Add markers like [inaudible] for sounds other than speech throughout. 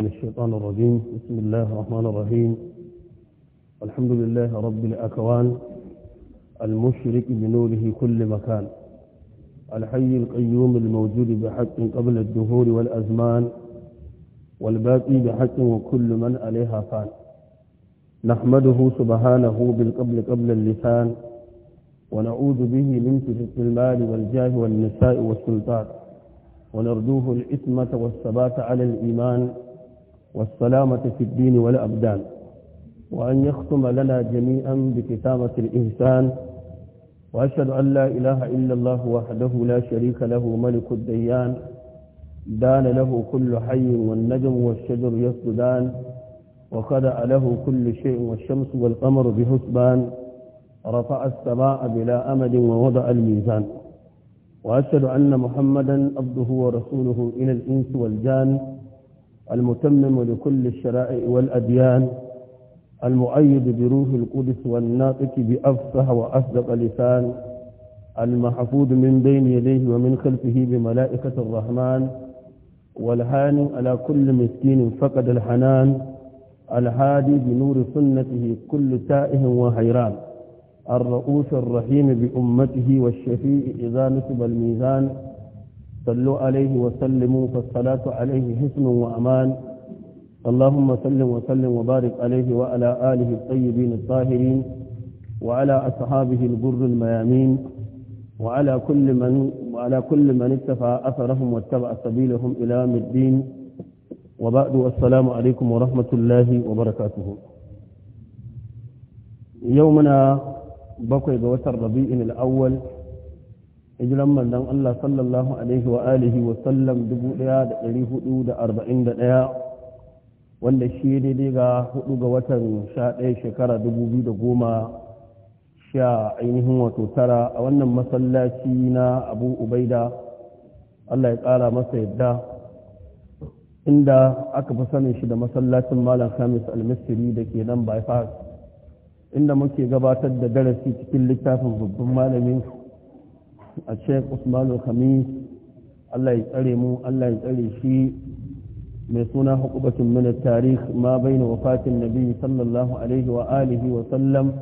من الشيطان الرجيم بسم الله الرحمن الرحيم الحمد لله رب الأكوان المشرك بنوره كل مكان الحي القيوم الموجود بحق قبل الدهور والأزمان والباقي بحق وكل من عليها فان نحمده سبحانه بالقبل قبل اللسان ونعوذ به من فتنة المال والجاه والنساء والسلطان ونرجوه الإثمة والثبات على الإيمان والسلامة في الدين والأبدان وأن يختم لنا جميعا بكتابة الإنسان وأشهد أن لا إله إلا الله وحده لا شريك له ملك الديان دان له كل حي والنجم والشجر يسجدان وخدع له كل شيء والشمس والقمر بحسبان رفع السماء بلا أمد ووضع الميزان وأشهد أن محمدا عبده ورسوله إلى الإنس والجان المتمم لكل الشرائع والأديان المؤيد بروح القدس والناطق بأفصح وأصدق لسان المحفوظ من بين يديه ومن خلفه بملائكة الرحمن والهان على كل مسكين فقد الحنان الهادي بنور سنته كل تائه وحيران الرؤوس الرحيم بأمته والشفيء إذا نسب الميزان صلوا عليه وسلموا فالصلاة عليه حسن وأمان اللهم سلم وسلم وبارك عليه وعلى آله الطيبين الطاهرين وعلى أصحابه البر الميامين وعلى كل من وعلى كل من اتبع أثرهم واتبع سبيلهم إلى يوم الدين وبعد والسلام عليكم ورحمة الله وبركاته يومنا بقي بوتر ربيع الأول hijiran manzan Allah sallallahu alaihi wa alihi wa sallam 1441 wanda shi daidai ga hudu ga watan 11 shekara goma sha ainihin wato tara a wannan masallaci na Abu Ubaida Allah ya kara masa yadda inda aka fi sanin shi da masallacin Malam Khamis Al-Misri da ke nan bypass inda muke gabatar da darasi cikin littafin babban malamin a cikin usmanu khamis allah ya tsare mu allah ya tsare shi mai suna hukubatun min tarih ma baina wafatin nabi sallallahu alaihi wa alihi wa sallam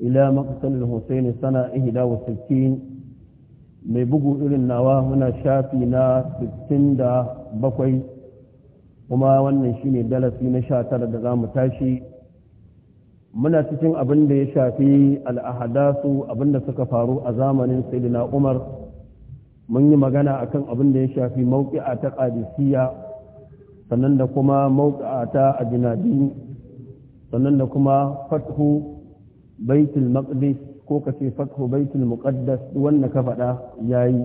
ila maqtal al-husayn sana 61 mai bugu irin nawa muna shafi na 67 kuma wannan shine dalasi na 19 da zamu tashi muna cikin abin da ya shafi al'ahadasu abin da suka faru a zamanin sayyidina umar mun yi magana akan abin da ya shafi mauki'a ta ƙadisiya sannan da kuma mauki'a ta ajnadi sannan da kuma fathu baitul maqdis ko ka ce fathu baitul muqaddas wanda ka faɗa yayi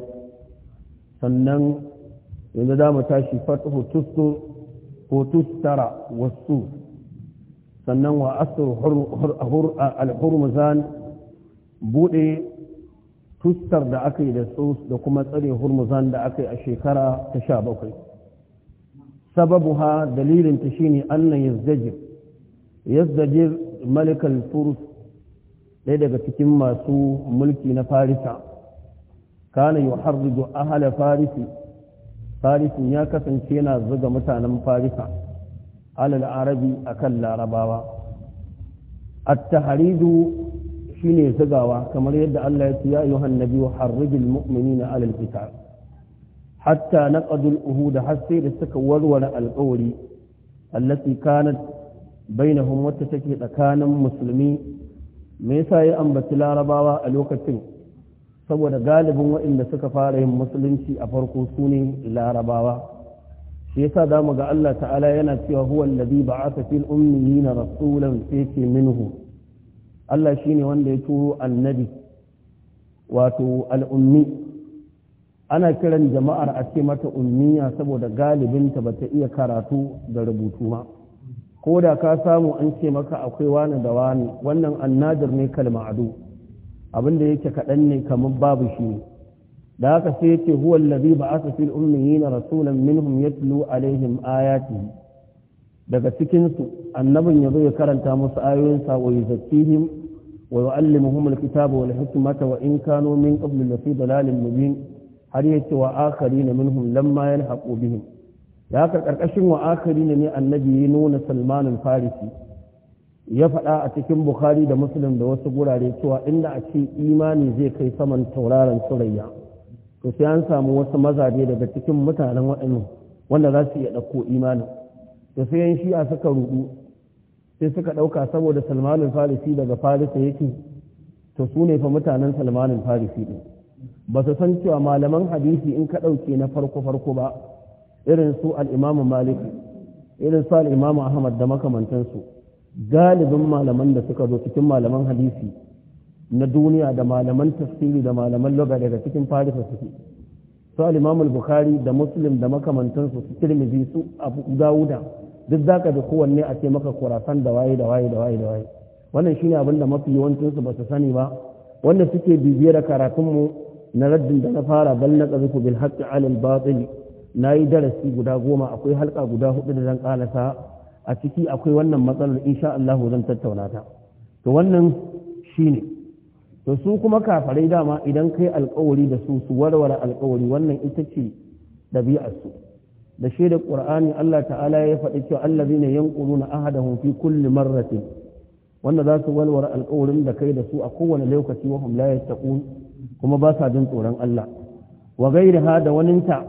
sannan yanzu za mu tashi fathu tustu ko tustara wasu sannan wa asr al-hurmuzan bude tustar da aka yi da su da kuma tsare hurmuzan da aka yi a shekara ta sha bakwai sababu ha dalilin ta shine annan yazdajir yazdajir malikal furs ɗaya daga cikin masu mulki na farisa kana yuharriju ahla farisi farisin ya kasance yana zuga mutanen farisa alal arabi kan larabawa at-tahridu shine zugawa kamar yadda Allah ya ce ya ayyuhan nabiyyu harrijil mu'minina alal qital hatta naqadul uhud hasse da suka warware alƙawari allati kanat bainahum wata take tsakanin musulmi me yasa ya ambaci larabawa a lokacin saboda galibin waɗanda suka fara yin musulunci a farko su larabawa shi yasa za mu ga Allah ta'ala yana cewa huwa alladhi ba'atha fil ummiyina rasulan fiki minhu Allah shine wanda ya turo annabi wato al'ummi ana kiran jama'ar a ce mata ummiya saboda galibinta bata iya karatu da rubutu ma ko da ka samu an ce maka akwai wani da wani wannan annadir ne kalma abin yake kaɗan ne kamar babu shi ne da haka sai ce huwa allazi ba'atha fil na rasulan minhum ya tulu alaihim ayatihi daga cikinsu su ya yazo ya karanta musu ayoyinsa wa yuzakkihim wa yu'allimuhum alkitaba wal hikmata wa in kanu min qabli lafi dalalin mubin har ce wa na minhum lamma yalhaqu bihim da haka karkashin wa akharina ne annabi ya nuna Salman farisi ya faɗa a cikin Bukhari da Muslim da wasu gurare cewa inda a ce imani zai kai saman tauraron surayya to sai an samu wasu mazaje daga cikin mutanen waɗannan wanda za su iya ɗauko imanin to sai yan shi'a suka rudu sai suka ɗauka saboda salmanin farisi daga farisa yake to su ne fa mutanen salmanin farisi ɗin ba su san cewa malaman hadisi in ka ɗauke na farko farko ba irin su al'imamu malik irin su al'imamu ahmad da makamantansu galibin malaman da suka zo cikin malaman hadisi na duniya da malaman tafsiri da malaman loga daga cikin farisa suke su al bukhari da muslim da makamantansu su tirmidhi su abu dawuda duk zaka da kowanne a ce maka kurasan da waye da waye da waye da waye wannan shine abin da mafi yawancin su ba su sani ba wanda suke bibiyar karatun mu na raddin da na fara bal na bil haqqi ala al batil nayi darasi guda goma akwai halka guda hudu da zan kalasa a ciki akwai wannan matsalar insha Allah zan tattauna ta to wannan shine to su kuma kafarai dama idan kai alkawari da su su warware alkawari wannan ita ce ɗabi'arsu da shaida qur'ani Allah ta'ala ya faɗi cewa allazina yanquluna ahadahum fi kulli marratin wanda za su walware alkawarin da kai da su a kowane lokaci wa hum la yattaqun kuma ba sa jin tsoron Allah wa ghayriha da waninta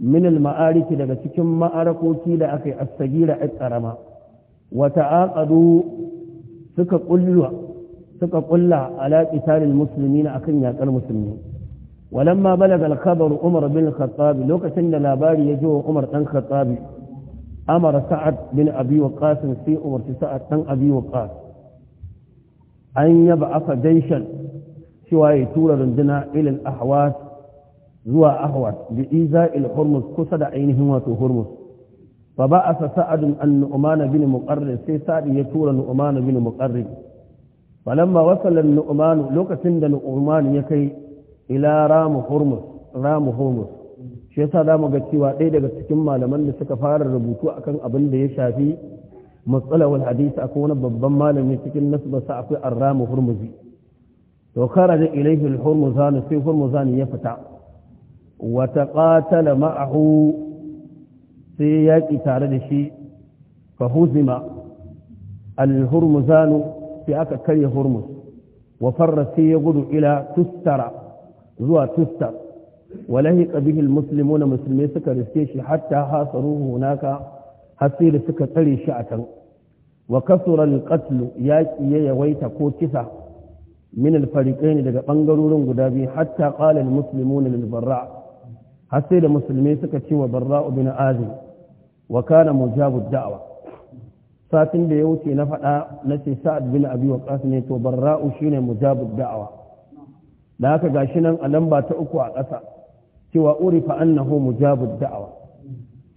min al-ma'ariki daga cikin ma'arakoki da aka yi as-sagira at-qarama wa ta'aqadu suka kullu suka kulla ala musulmi a akan yakar musulmi walamma balaga al umar bin al-khattab lokacin da labari ya je wa umar dan khattab amara sa'ad bin abi waqas sai umar sa'ad dan abi waqas an yaba afa jaishan cewa ya tura runduna ilil ahwas zuwa ahwas bi iza il hurmus kusa da ainihin wato hurmus fa ba asa sa'adun an nu'mana bin muqarrib sai sa'ad ya tura nu'mana bin muqarrib فلما وصل النؤمان لوك سند النؤمان يكي إلى رام هرمز رام هرمز شيء هذا ما قد سوى إيه قد سكما لما نسك فار ربوتو أكن أبن لي شافي مسألة والحديث أكون ببما لم يسكن نسب سعفي الرام هرمزي وخرج إليه الهرمزان في هرمزان يفتع وتقاتل معه في يكي تعرض فهزم الهرمزان sai aka karya hurmus wa farra sai ya gudu ila tustara zuwa tustar walahi qabihil muslimuna musulmai suka riske shi hatta hasaruhu hunaka hasiri suka tsare shi a can wa kasura alqatl yaqi ya yawaita ko kisa min alfariqain daga bangarorin guda biyu hatta qala almuslimuna lil barra hasiri musulmai suka ce wa barra bin azim wa kana mujabud da'wa satin da ya wuce na faɗa na ce sa'ad bin abi ƙasa ne to barra'u shine mujabud da'awa da haka gashi nan a lamba ta uku a ƙasa cewa urifa annahu mujabud da'awa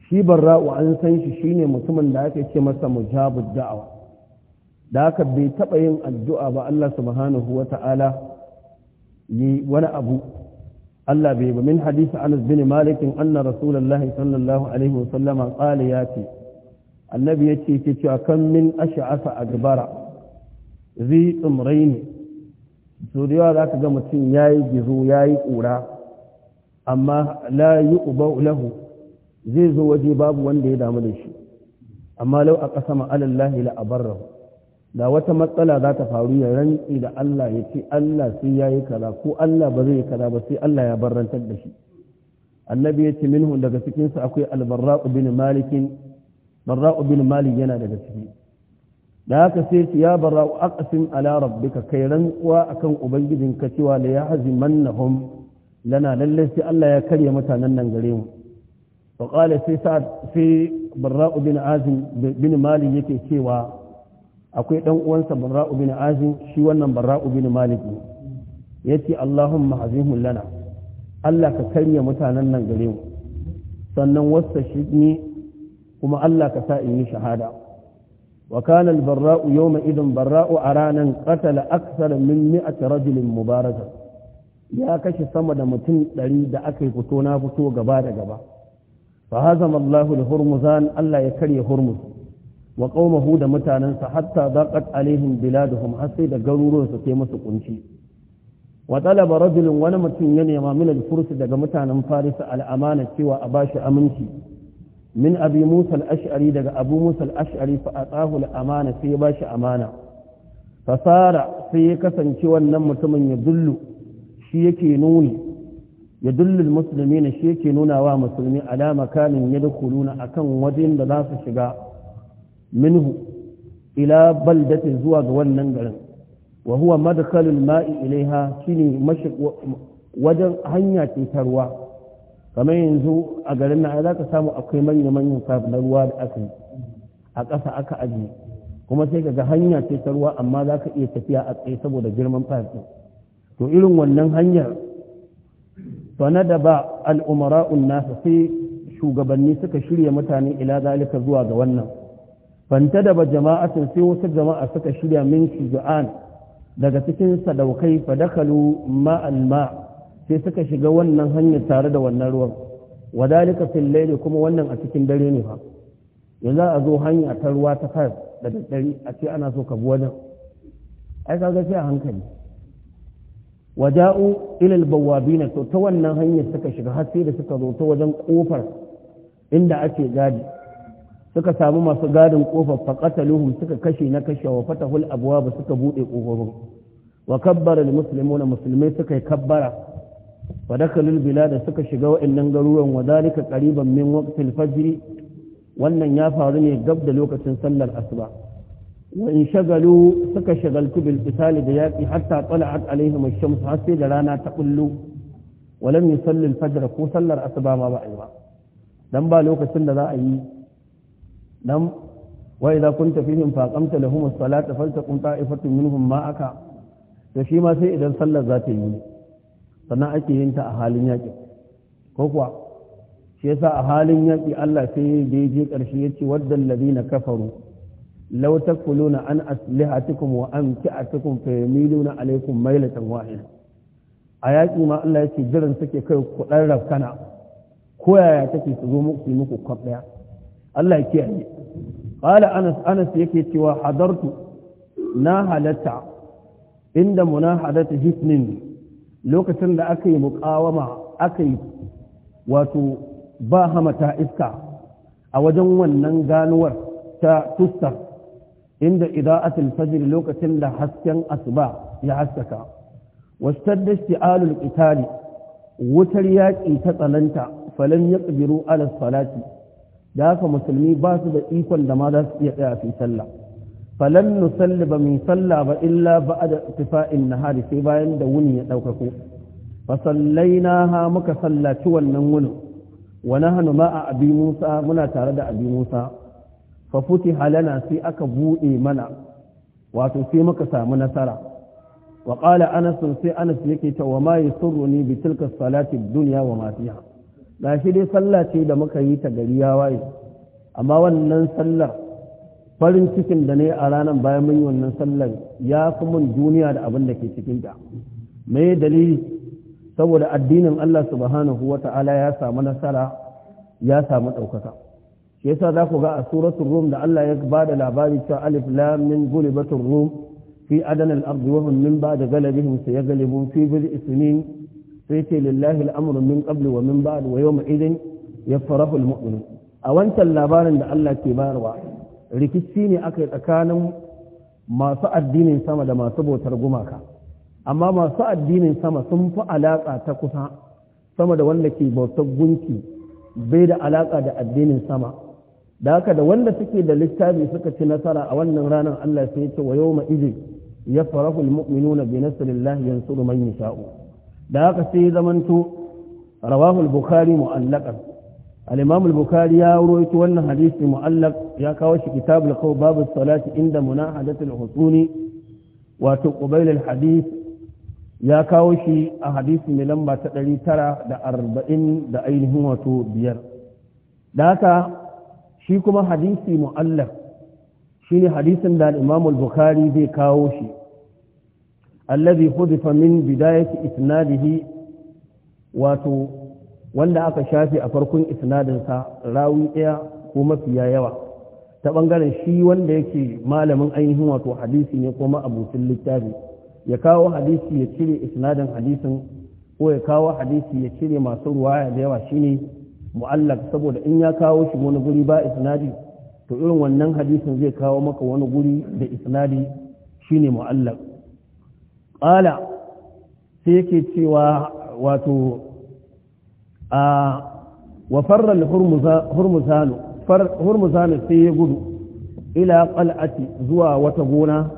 shi barra'u an san shi shine mutumin da aka ce masa mujabud da'awa da haka bai taɓa yin addu'a ba Allah subhanahu wa ta'ala yi wani abu Allah bai ba min hadisi Anas bin malikin anna Rasulullahi sallallahu alaihi wa sallama qala yati annabi ya ce cewa kan min ash'asa adbara zi umraini so da yawa zaka ga mutum yayi gizo yayi kura amma la uba lahu zai zo waje babu wanda ya damu da shi amma lau a ƙasa alallahi la'abarra. da wata matsala za ta faru ya rantsi da Allah ya ce Allah sai ya yi kaza ko Allah ba zai yi kaza ba sai Allah ya barrantar da shi annabi ya ce minhu daga cikinsa akwai albarra'u bin malikin barra'u bin malik yana daga ciki da haka sai ce ya barra'u aqsim ala rabbika kai rantsuwa akan ubangijinka cewa la yahzimannahum lana lalle sai Allah ya karya mutanen nan gare mu wa qala sai sa'ad barra'u bin azim bin malik yake cewa akwai dan uwansa barra'u bin azim shi wannan barra'u bin malik yace Allahumma azimhu lana Allah ka karya mutanen nan gare mu sannan wasta shi kuma Allah ka sa in yi shahada wa kana al-barra'u yawma idan barra'u a ranan qatala aksara min mi'ati rajulin mubarazan ya kashe sama da mutum ɗari da aka yi fito na fito gaba da gaba fa hazama Allah al-hurmuzan Allah ya karya hurmuz wa qaumahu da mutanansa hatta daqat alaihim biladuhum har sai da garuruwan su sai musu kunci wa talaba rajulun wani mutum ya nema min al-furs daga mutanen Faris al-amana cewa a bashi aminci min abi musa al-ash'ari daga abu musa al-ash'ari fa atahu al-amana sai ya bashi amana fasara sai ya kasance wannan mutumin ya dullu shi ya dullu musulmi shi yake nuna wa musulmi alama kanin ya dukuluna akan wajen da za su shiga minhu ila baldatin zuwa ga wannan garin wa huwa madkhalul ma'i ilaiha shine wajen hanya ce ta kamar yanzu a garin na za ka samu akwai manya-manyan kafin na ruwa da aka yi a ƙasa aka aji kuma sai kaga hanya ce ta ruwa amma za ka iya tafiya a tsaye saboda girman fayar to irin wannan hanyar to na da ba al'umara'un nasa sai shugabanni suka shirya mutane ila zalika zuwa ga wannan fanta da ba jama'atin sai wasu jama'a suka shirya min shuja'an daga cikin sadaukai fa fadakalu ma'al ma' sai suka shiga wannan hanyar tare da wannan ruwan wadalika fil layli kuma wannan a cikin dare ne fa yanzu a zo hanya ta ruwa ta kar da daddare a ce ana so ka bi wajen ai ga sai a hankali waja'u ila al-bawabin to ta wannan hanyar suka shiga har sai da suka zo ta wajen kofar inda ake gadi suka samu masu gadin kofar qataluhum suka kashe na kashe wa fatahul abwab suka bude kofar wa kabbara al-muslimuna musulmai suka yi kabbara wa dakalul bilada suka shiga waɗannan garuruwan wa dalika min waqtil fajr wannan ya faru ne gab da lokacin sallar asuba wa shagalu suka shagaltu bil da yaqi hatta tala'at alaihim ash-shams har sai da rana ta kullu wa lam yusalli al ko sallar asuba ma ba ai ba dan ba lokacin da za a yi dan wa idza kunta fihim fa qamta lahum as-salata faltaqum ta'ifatun minhum ma'aka to shi ma sai idan sallar za ta yi sannan ake yin ta a halin yaƙi ko kuwa shi yasa a halin yaƙi Allah sai da ya je ƙarshe ya ce waddan ladina kafaru ta takfuluna an aslihatikum wa amti'atikum fa yamiluna alaykum mailatan wahida a yaƙi ma Allah ya ce jiran suke kai ku dan rafkana ko yaya take su zo muku muku kwaf daya Allah ya kiyaye qala anas anas yake cewa hadartu na halatta inda munahadatu hisnin lokacin da aka yi muƙawama aka yi wato ba hamata iska a wajen wannan ganuwar ta tustar inda ida'atul fajr lokacin da hasken asuba ya haskaka wastadda isti'alul qitali wutar yaƙi ta tsananta falan ya ƙabiru ala salati da haka musulmi ba su da ikon da ma za su iya tsaya fi sallah falan nusalli ba min salla ba illa ba'da tifa'in nahari sai bayan da wuni ya daukako fa na ha muka sallaci wannan wunin wa nahnu a abi musa muna tare da abi musa fa futiha sai aka buɗe mana wato sai muka samu nasara wa qala anas sai anas yake ta wa ma ne bi tilka salati duniya wa ma fiha gashi dai sallah ce da muka yi ta gari ya waye amma wannan sallar farin cikin da ne a ranar bayan mun yi wannan sallar ya fi mun duniya da abin da ke cikin ta me dalili saboda addinin Allah subhanahu wa ta'ala ya samu nasara ya samu ɗaukaka shi yasa za ku ga a suratul rum da Allah ya ba da labari cewa alif lam min gulibatur rum fi adanal ardi wa hum min ba'da galabihim sayaglibun fi bid'i sinin sai ce lillahi al'amru min qabli wa min ba'd wa yawma idin yafrahu al-mu'minun a wancan labarin da Allah ke bayarwa rikici ne aka yi tsakanin masu addinin sama da masu bautar gumaka amma masu addinin sama sun fi alaƙa ta kusa sama da wanda ke bautar gunki bai da alaƙa da addinin sama da haka da wanda suke da littafi suka ci nasara a wannan ranar Allah sai ce wa yawma iji ya farahu almu'minuna bi nasrillah yansuru man yasha'u da haka sai zamanto rawahu al-bukhari mu'allaqan al-imam bukhari ya rawaito wannan hadisi mu'allaq ya kawo shi kitab al babu bab as-salati inda munahadat al-husuni wa tuqbayl al-hadith ya kawo shi a hadisi mai lamba ta 940 da ainihin wato biyar da haka shi kuma hadisi mu'allaq shine hadisin da al-imam al-bukhari zai kawo shi alladhi hudifa min bidayati isnadihi wato wanda aka shafe a farkon isnadinsa rawi ɗaya ko mafiya yawa ta ɓangaren shi wanda yake malamin ainihin wato hadisi ne ko abokin littafi ya kawo hadisi ya cire isnadin hadisin ko ya kawo hadisi ya cire masu ruwaya da yawa shine mu'allak saboda in ya kawo shi wani guri ba isnadi to irin wannan hadisin zai kawo maka wani guri da isnadi shine mu'allak qala sai yake cewa wato wa farra hurmuzanu hurmuzanu sai ya gudu ila ƙal'ati zuwa wata gona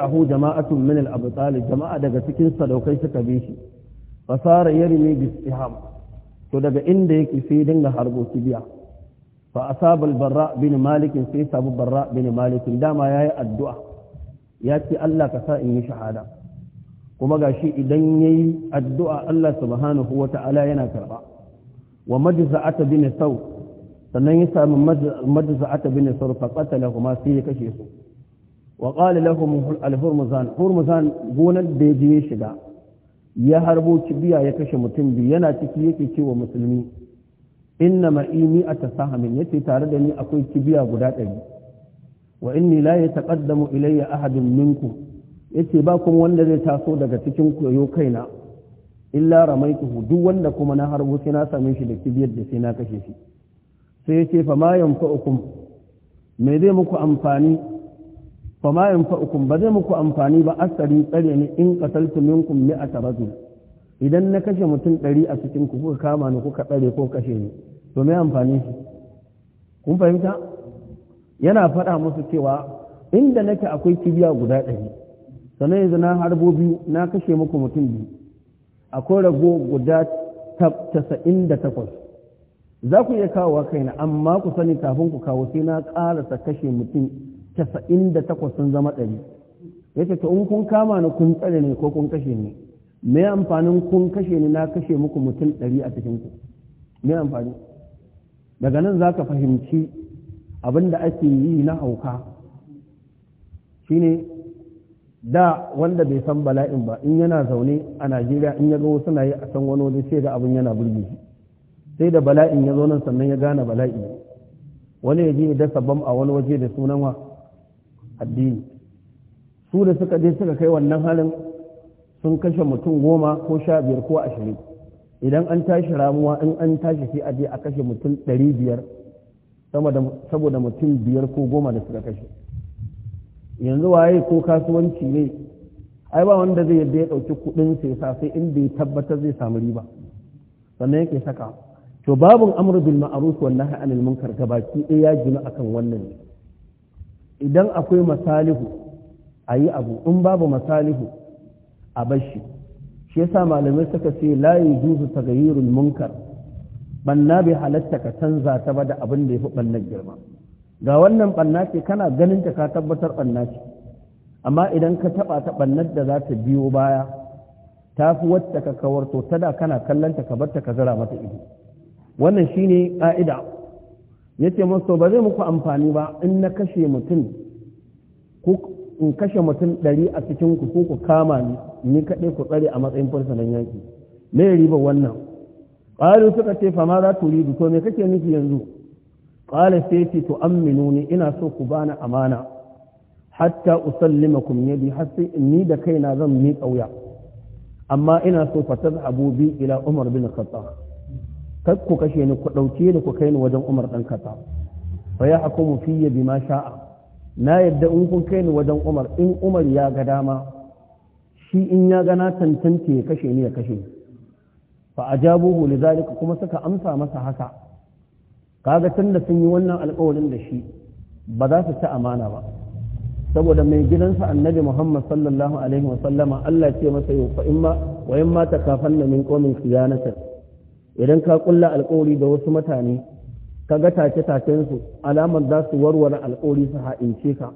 ahu jama'atun min al jama'a daga cikin sadaukai suka bi shi fasara yarmi bi to daga inda yake sai dinga harbo kibiya fa asaba al-barra bin malikin sai sabu barra bin malikin dama yayi addu'a ya ce Allah ka sa in yi shahada kuma shi idan yayi addu'a Allah subhanahu ta'ala yana karɓa. wa ata bin sau. sannan ya sami ata bin saw fa qatala kuma sai ya kashe su wa qala lahum al-hurmuzan hurmuzan gonar da ya je shiga ya harbo cibiya ya kashe mutum biyu yana ciki yake cewa musulmi inna ma'ini a tasahamin yace tare da ni akwai kibiya guda ɗari wa inni la yataqaddamu ilayya ahadin minku yace ba kuma wanda zai taso daga cikin koyo kaina illa ramaituhu duk wanda kuma na harbo sai na same shi da kibiyar da sai na kashe shi sai yace fa ma yanfa'ukum me zai muku amfani fa ma yanfa'ukum ba zai muku amfani ba asari tsare ni in qataltu minkum mi'ata rajul idan na kashe mutum ɗari a cikin ku kuka kama ni kuka tsare ko kashe ni to me amfani shi kun fahimta yana faɗa musu cewa inda nake akwai kibiya guda ɗari sannan yanzu na harbo biyu na kashe muku mutum biyu akwai rago guda tasa'in da takwas za ku iya kawowa kaina amma ku sani kafin ku kawo sai na karasa kashe mutum tasa'in da takwas sun zama ɗari ya ce in kun kama ni kun tsare ne ko kun kashe ni me amfanin kun kashe ni na kashe muku mutum ɗari a cikin ku me amfani daga nan za ka fahimci abin da ake yi na hauka shine da wanda bai san bala'in ba in yana zaune a najeriya in ya ga wasu na yi a san wani waje sai ga abin yana burge shi sai da bala'in ya zo nan sannan ya gane bala'i wani ya je ya dasa bam a wani waje da sunan wa addini su da suka je suka kai wannan halin sun kashe mutum goma ko sha biyar ko ashirin idan an tashi ramuwa in an tashi sai a je a kashe mutum ɗari biyar saboda mutum biyar ko goma da suka kashe yanzu waye ko kasuwanci ne ai ba wanda zai yadda ya ɗauki kuɗin sai sa sai inda ya tabbatar zai samu riba sannan yake saka to babun amru bil ma'ruf wan nahy anil munkar gabaki ɗaya ya gina akan wannan idan akwai masalihu ayi abu in babu masalihu a bashi shi yasa malamai suka ce la yujuzu taghayyurul munkar banna bai halatta ka canza ta ba da abin da yafi bannan girma ga wannan ɓanna ce kana ganin ta ka tabbatar ɓanna ce amma idan ka taɓa ta ɓannar da za ta biyo baya ta fi wacce ka kawar to tada kana kallon ta ka bar ta ka zara mata ido wannan shine ƙa'ida yace musu ba zai muku amfani ba in na kashe mutum ko in kashe mutum ɗari a cikin ku ko ku kama ni ni kaɗai ku tsare a matsayin fursunan yaƙi me riba wannan ƙwari suka ce fama za wuri ridu to me kake nufi yanzu qala sai ce to amminuni ina so ku bani amana hatta usallimakum yadi har sai ni da kaina zan mi wuya. amma ina so fa tazhabu bi ila umar bin khattab kar ku kashe ni ku dauke ni ku kai ni wajen umar dan khattab fa ya hukumu fiyya bima sha'a na yarda in kun kai ni wajen umar in umar ya ga dama shi in ya gana tantance ya kashe ni ya kashe fa ajabuhu lidhalika kuma suka amsa masa haka kaga tun da sun yi wannan alƙawarin da shi ba za su ci amana ba saboda mai gidansa annabi muhammad sallallahu alaihi wa sallama allah ce masa yau fa imma wa imma ta kafan na min qaumin khiyanatan idan ka kulla alkawari da wasu mutane ka ga tace tacen su alamar za su warware alƙawari su ha'ince ka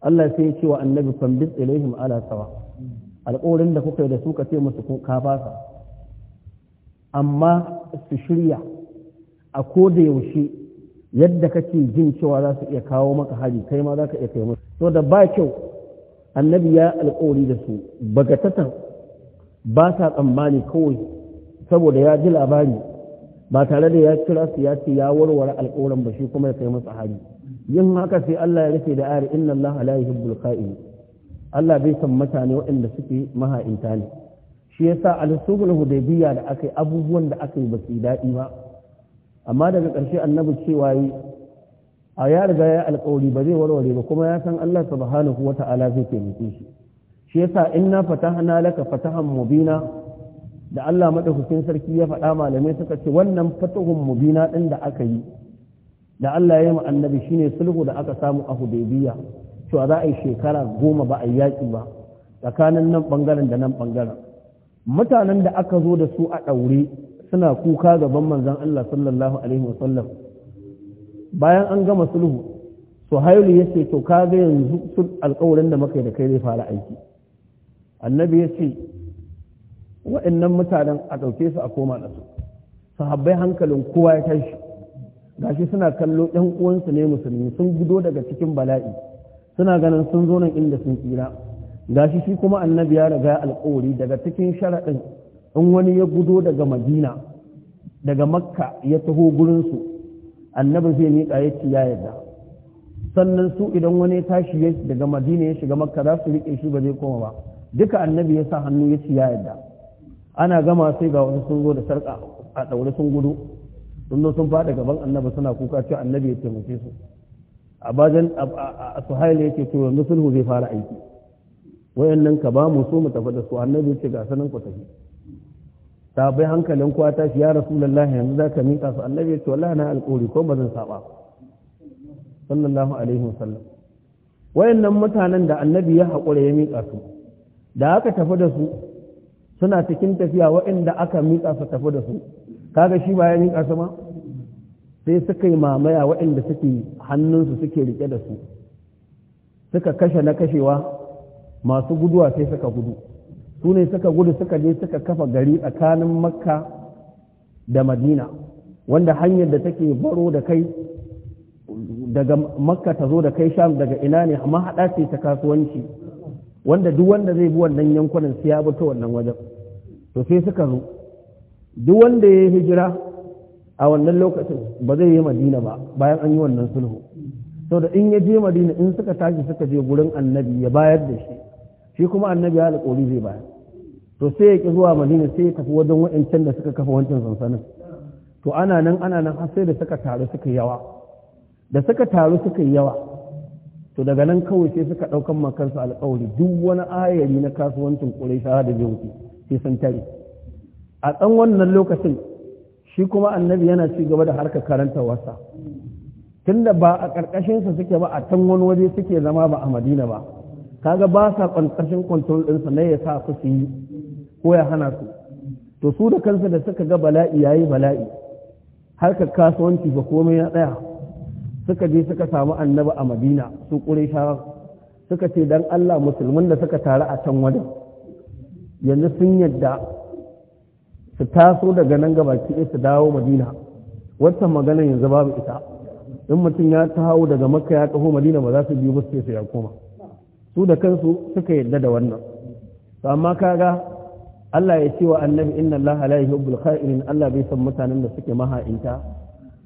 allah sai ya ce wa annabi fambis ilaihim ala sawa alƙawarin da kuka yi da su ka ce musu ka fasa amma su shirya a ko da yaushe yadda kake jin cewa za su iya kawo maka hari kai ma za ka iya kai musu da ba kyau annabi ya alƙawari da su bagatatan ba sa tsammani kawai saboda ya ji labari ba tare da ya kira su ya ce ya warware alƙawarin ba shi kuma ya kai masa hari yin haka sai Allah ya rufe da ayar inna Allah la yuhibbul qa'im Allah bai san mutane waɗanda suke maha'inta ne shi yasa al-sulhul da aka yi abubuwan da aka yi ba su yi daɗi ba amma daga ƙarshe annabi cewa yi a ya riga ya alƙawari ba zai warware ba kuma ya san Allah subhanahu wa ta'ala zai taimake shi shi yasa inna fatahna laka fatahan mubina da Allah madaukakin sarki ya faɗa malamai suka ce wannan fatahun mubina din da aka yi da Allah ya yi annabi shine sulhu da aka samu a Hudaybiya cewa za a yi shekara goma ba a yaƙi ba tsakanin nan bangaren da nan bangaren mutanen da aka zo da su a ɗaure suna kuka gaban manzon Allah sallallahu alaihi wasallam bayan an gama sulhu suhailu ya ce to ka ga yanzu alkawarin da muka yi da kai zai fara aiki annabi ya ce wa'annan mutanen a ɗauke su a koma da su sahabbai hankalin kowa ya tashi gashi suna kallo ɗan uwansu ne musulmi sun gudo daga cikin bala'i suna ganin sun zo nan inda sun tsira gashi shi kuma annabi ya riga alkawari daga cikin sharaɗin in wani ya gudo daga madina daga makka ya taho gurinsu annabi zai miƙa ya ci ya yarda sannan su idan wani ya tashi daga madina ya shiga makka za su riƙe shi ba zai koma ba duka annabi ya sa hannu ya ci ya yarda ana gama sai ga wani sun zo da sarƙa a ɗaure sun gudu sun zo sun faɗa gaban annabi suna kuka cewa annabi ya taimake su a bajan a suhaila ya ce to yanzu sulhu zai fara aiki wayannan ka ba mu so mu tafi da su annabi ya ce ga sanin ku tafi bai hankalin kuwa ta shi ya rasu lallahi yanzu za ka miƙa su annabi ya ce wallahi na alƙuri ko ba zan saba sallallahu alaihi wasallam wayannan mutanen da annabi ya haƙura ya miƙa su da aka tafi da su suna cikin tafiya wayanda aka miƙa su tafi da su kaga shi ba ya miƙa su ma sai suka yi mamaya wayanda suke hannunsu suke rike da su suka kashe na kashewa masu guduwa sai suka gudu su ne suka gudu suka je suka kafa gari tsakanin makka da madina wanda hanyar da take baro da kai daga makka ta zo da kai sham daga ina ne amma haɗa ce ta kasuwanci wanda duk wanda zai bi wannan yankunan sai ya bi ta wannan wajen to sai suka zo duk wanda ya hijira a wannan lokacin ba zai yi madina ba bayan an yi wannan sulhu saboda in ya je madina in suka tashi suka je gurin annabi ya bayar da shi shi kuma annabi ya alƙawari zai ba to sai ya ki zuwa madina sai ya tafi wajen wa'ancan da suka kafa wancan sansanin to ana nan ana nan har sai da suka taru suka yawa da suka taru suka yawa to daga nan kawai sai suka ɗaukan makansu alƙawari duk wani ayari na kasuwancin shara da jinki sai sun tare a ɗan wannan lokacin shi kuma annabi yana ci gaba da harkar karanta wasa tunda ba a ƙarƙashinsa suke ba a can wani waje suke zama ba a madina ba kaga ba sa ƙarƙashin control ɗinsa na ya sa su yi ko ya hana su to su da kansa da suka ga bala'i yayi bala'i harkar kasuwanci ba komai ya tsaya suka je suka samu annabi a madina su ƙureshawa suka ce dan allah musulmin da suka taru a can wajen yanzu sun yadda su taso daga nan gaba ke su dawo madina wata magana yanzu babu ita in mutum ya taho daga makka ya taho madina ba za su biyu ba su ya koma su da kansu suka yadda da wannan to amma kaga Allah ya ce wa annabi inna Allah la yuhibbul kha'inin Allah bai san mutanen da suke maha'inta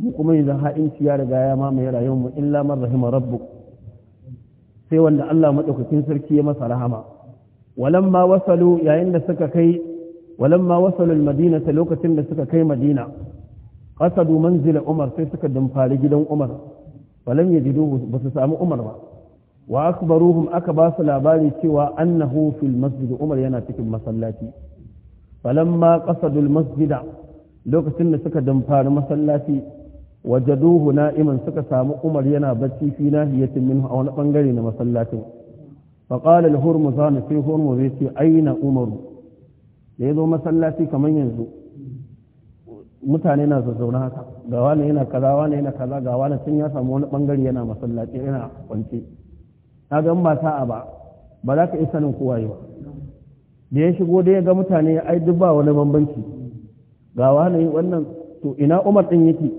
mu kuma yanzu ha'inci ya riga ya mamaye rayuwarmu mu illa man rahima rabbuk sai wanda Allah madaukakin sarki ya masa rahama walamma wasalu yayin da suka kai walamma wasalu almadinata lokacin da suka kai madina qasadu manzila umar sai suka dumfari gidan umar falam yajiduhu basu samu umar ba wa akbaruhum aka ba su labari cewa annahu fil masjid umar yana cikin masallaci falamma qasadul masjida lokacin da suka damfara masallaci wajaduhu na'iman suka samu umar yana bacci fi nahiyatin minhu a wani bangare na masallacin fa qala al hurmuzan fi hurmuz yace aina umaru da yazo masallaci kaman yanzu mutane na zazzauna haka ga wani yana kaza wani yana kaza ga wani tun ya samu wani bangare yana masallaci yana kwance kaga in ba sa'a ba ba za ka iya sanin kowa ba da ya shigo da ya ga mutane ai duk ba wani bambanci ga wani wannan to ina umar din yake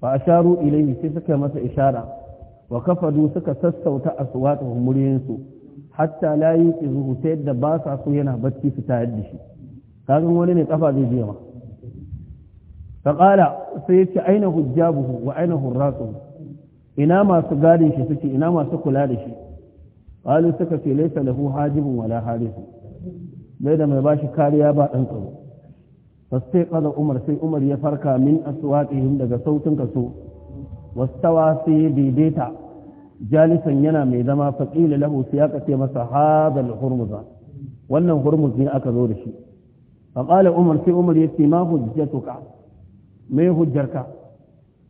a asharu ilayhi sai suka masa ishara wa kafadu suka sassauta aswatuhum muryansu hatta ke zuhu ta yadda ba sa so yana bacci su tayar da shi kaga wani ne kafa zai biya ma fa sai ya ce aina hujjabuhu wa aina hurrasuhu ina masu gadin shi suke ina masu kula da shi qalu suka ce laysa lahu hajibun wala harisu bai da mai bashi kariya ba dan tsaro fasai qada umar sai umar ya farka min aswaqihim daga sautin kaso wastawa sai daidaita jalisan yana mai zama faqila lahu sai ce masa hadal hurmuza wannan hurmuz ne aka zo da shi faqala umar sai umar ce ma hujjatuka me hujjarka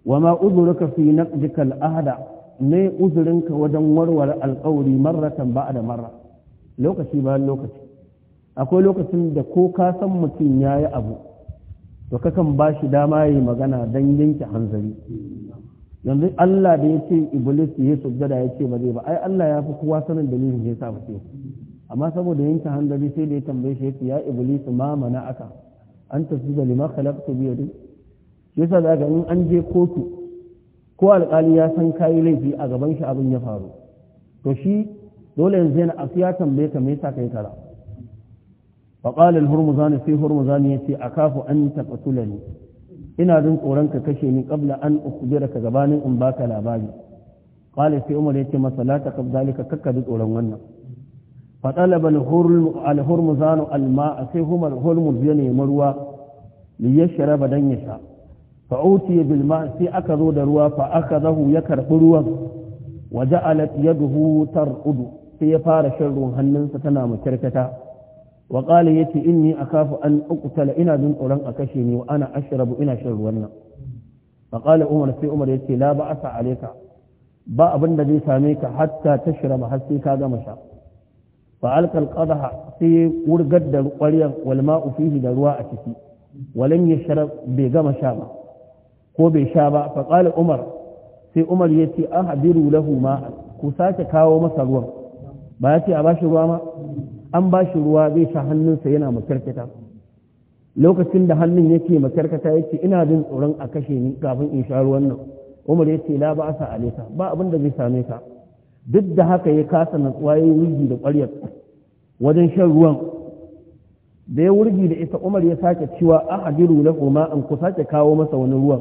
wa ma uzurka fi naqdika al-ahda ne uzurinka wajen warware alƙawari marratan ba da marra lokaci ba lokaci akwai lokacin da ko ka san mutum ya yi abu to kakan ba shi dama yi magana don yanke hanzari yanzu Allah da ya ce iblis ya sujjada ya ce ba zai ba ai Allah ya fi kowa sanin dalilin da ya sa mutum amma saboda yanke hanzari sai da ya tambaye shi ya ya iblis ma mana aka an tafi da lima khalaqtu bi yadi yasa za ga in an je kotu ko alƙali ya san kayi laifi a gaban shi abin ya faru to shi dole yanzu yana a ya tambaye ka me yasa kai kara fa qala al hurmuzan fi hurmuzan yace akafu an taqtulani ina jin tsoron ka kashe ni kabla an ka gabanin in baka labari qala sai umar yace masa la taqab dalika kakka bi tsoron wannan fa talaba al hurmuzan al ma'a sai humar hurmuzan ya marwa li yashraba dan ya sha fa utiya bil sai aka zo da ruwa fa akadahu ya karbi ruwan wa ja'alat yaduhu udu. sai ya fara shan ruwan hannunsa tana makirkata wa qala yati inni akafu an uku uqtala ina jin tsoron a kashe ni wa ana ashrabu ina shan ruwan nan fa umar sai umar yace la ba'asa alayka ba abin zai same ka hatta tashraba har sai ka gama sha فألقى القضح في ورقد القرية والماء فيه درواء تسي ولم يشرب بغم شاما ko bai sha ba fa umar sai umar ya ce an hadiru lahu ma ku sake kawo masa ruwan ba ya ce a bashi ruwa ma an bashi ruwa zai sha hannunsa yana makarkata lokacin da hannun yake makarkata yace ina jin tsoron a kashe ni kafin in sha ruwan nan umar ya ce la ba sa aleka ba abin da zai same ka duk da haka ya kasa natsuwa ya yi da ƙwaryar wajen shan ruwan da ya wurgi da ita umar ya sake cewa a hadiru na an ku sake kawo masa wani ruwan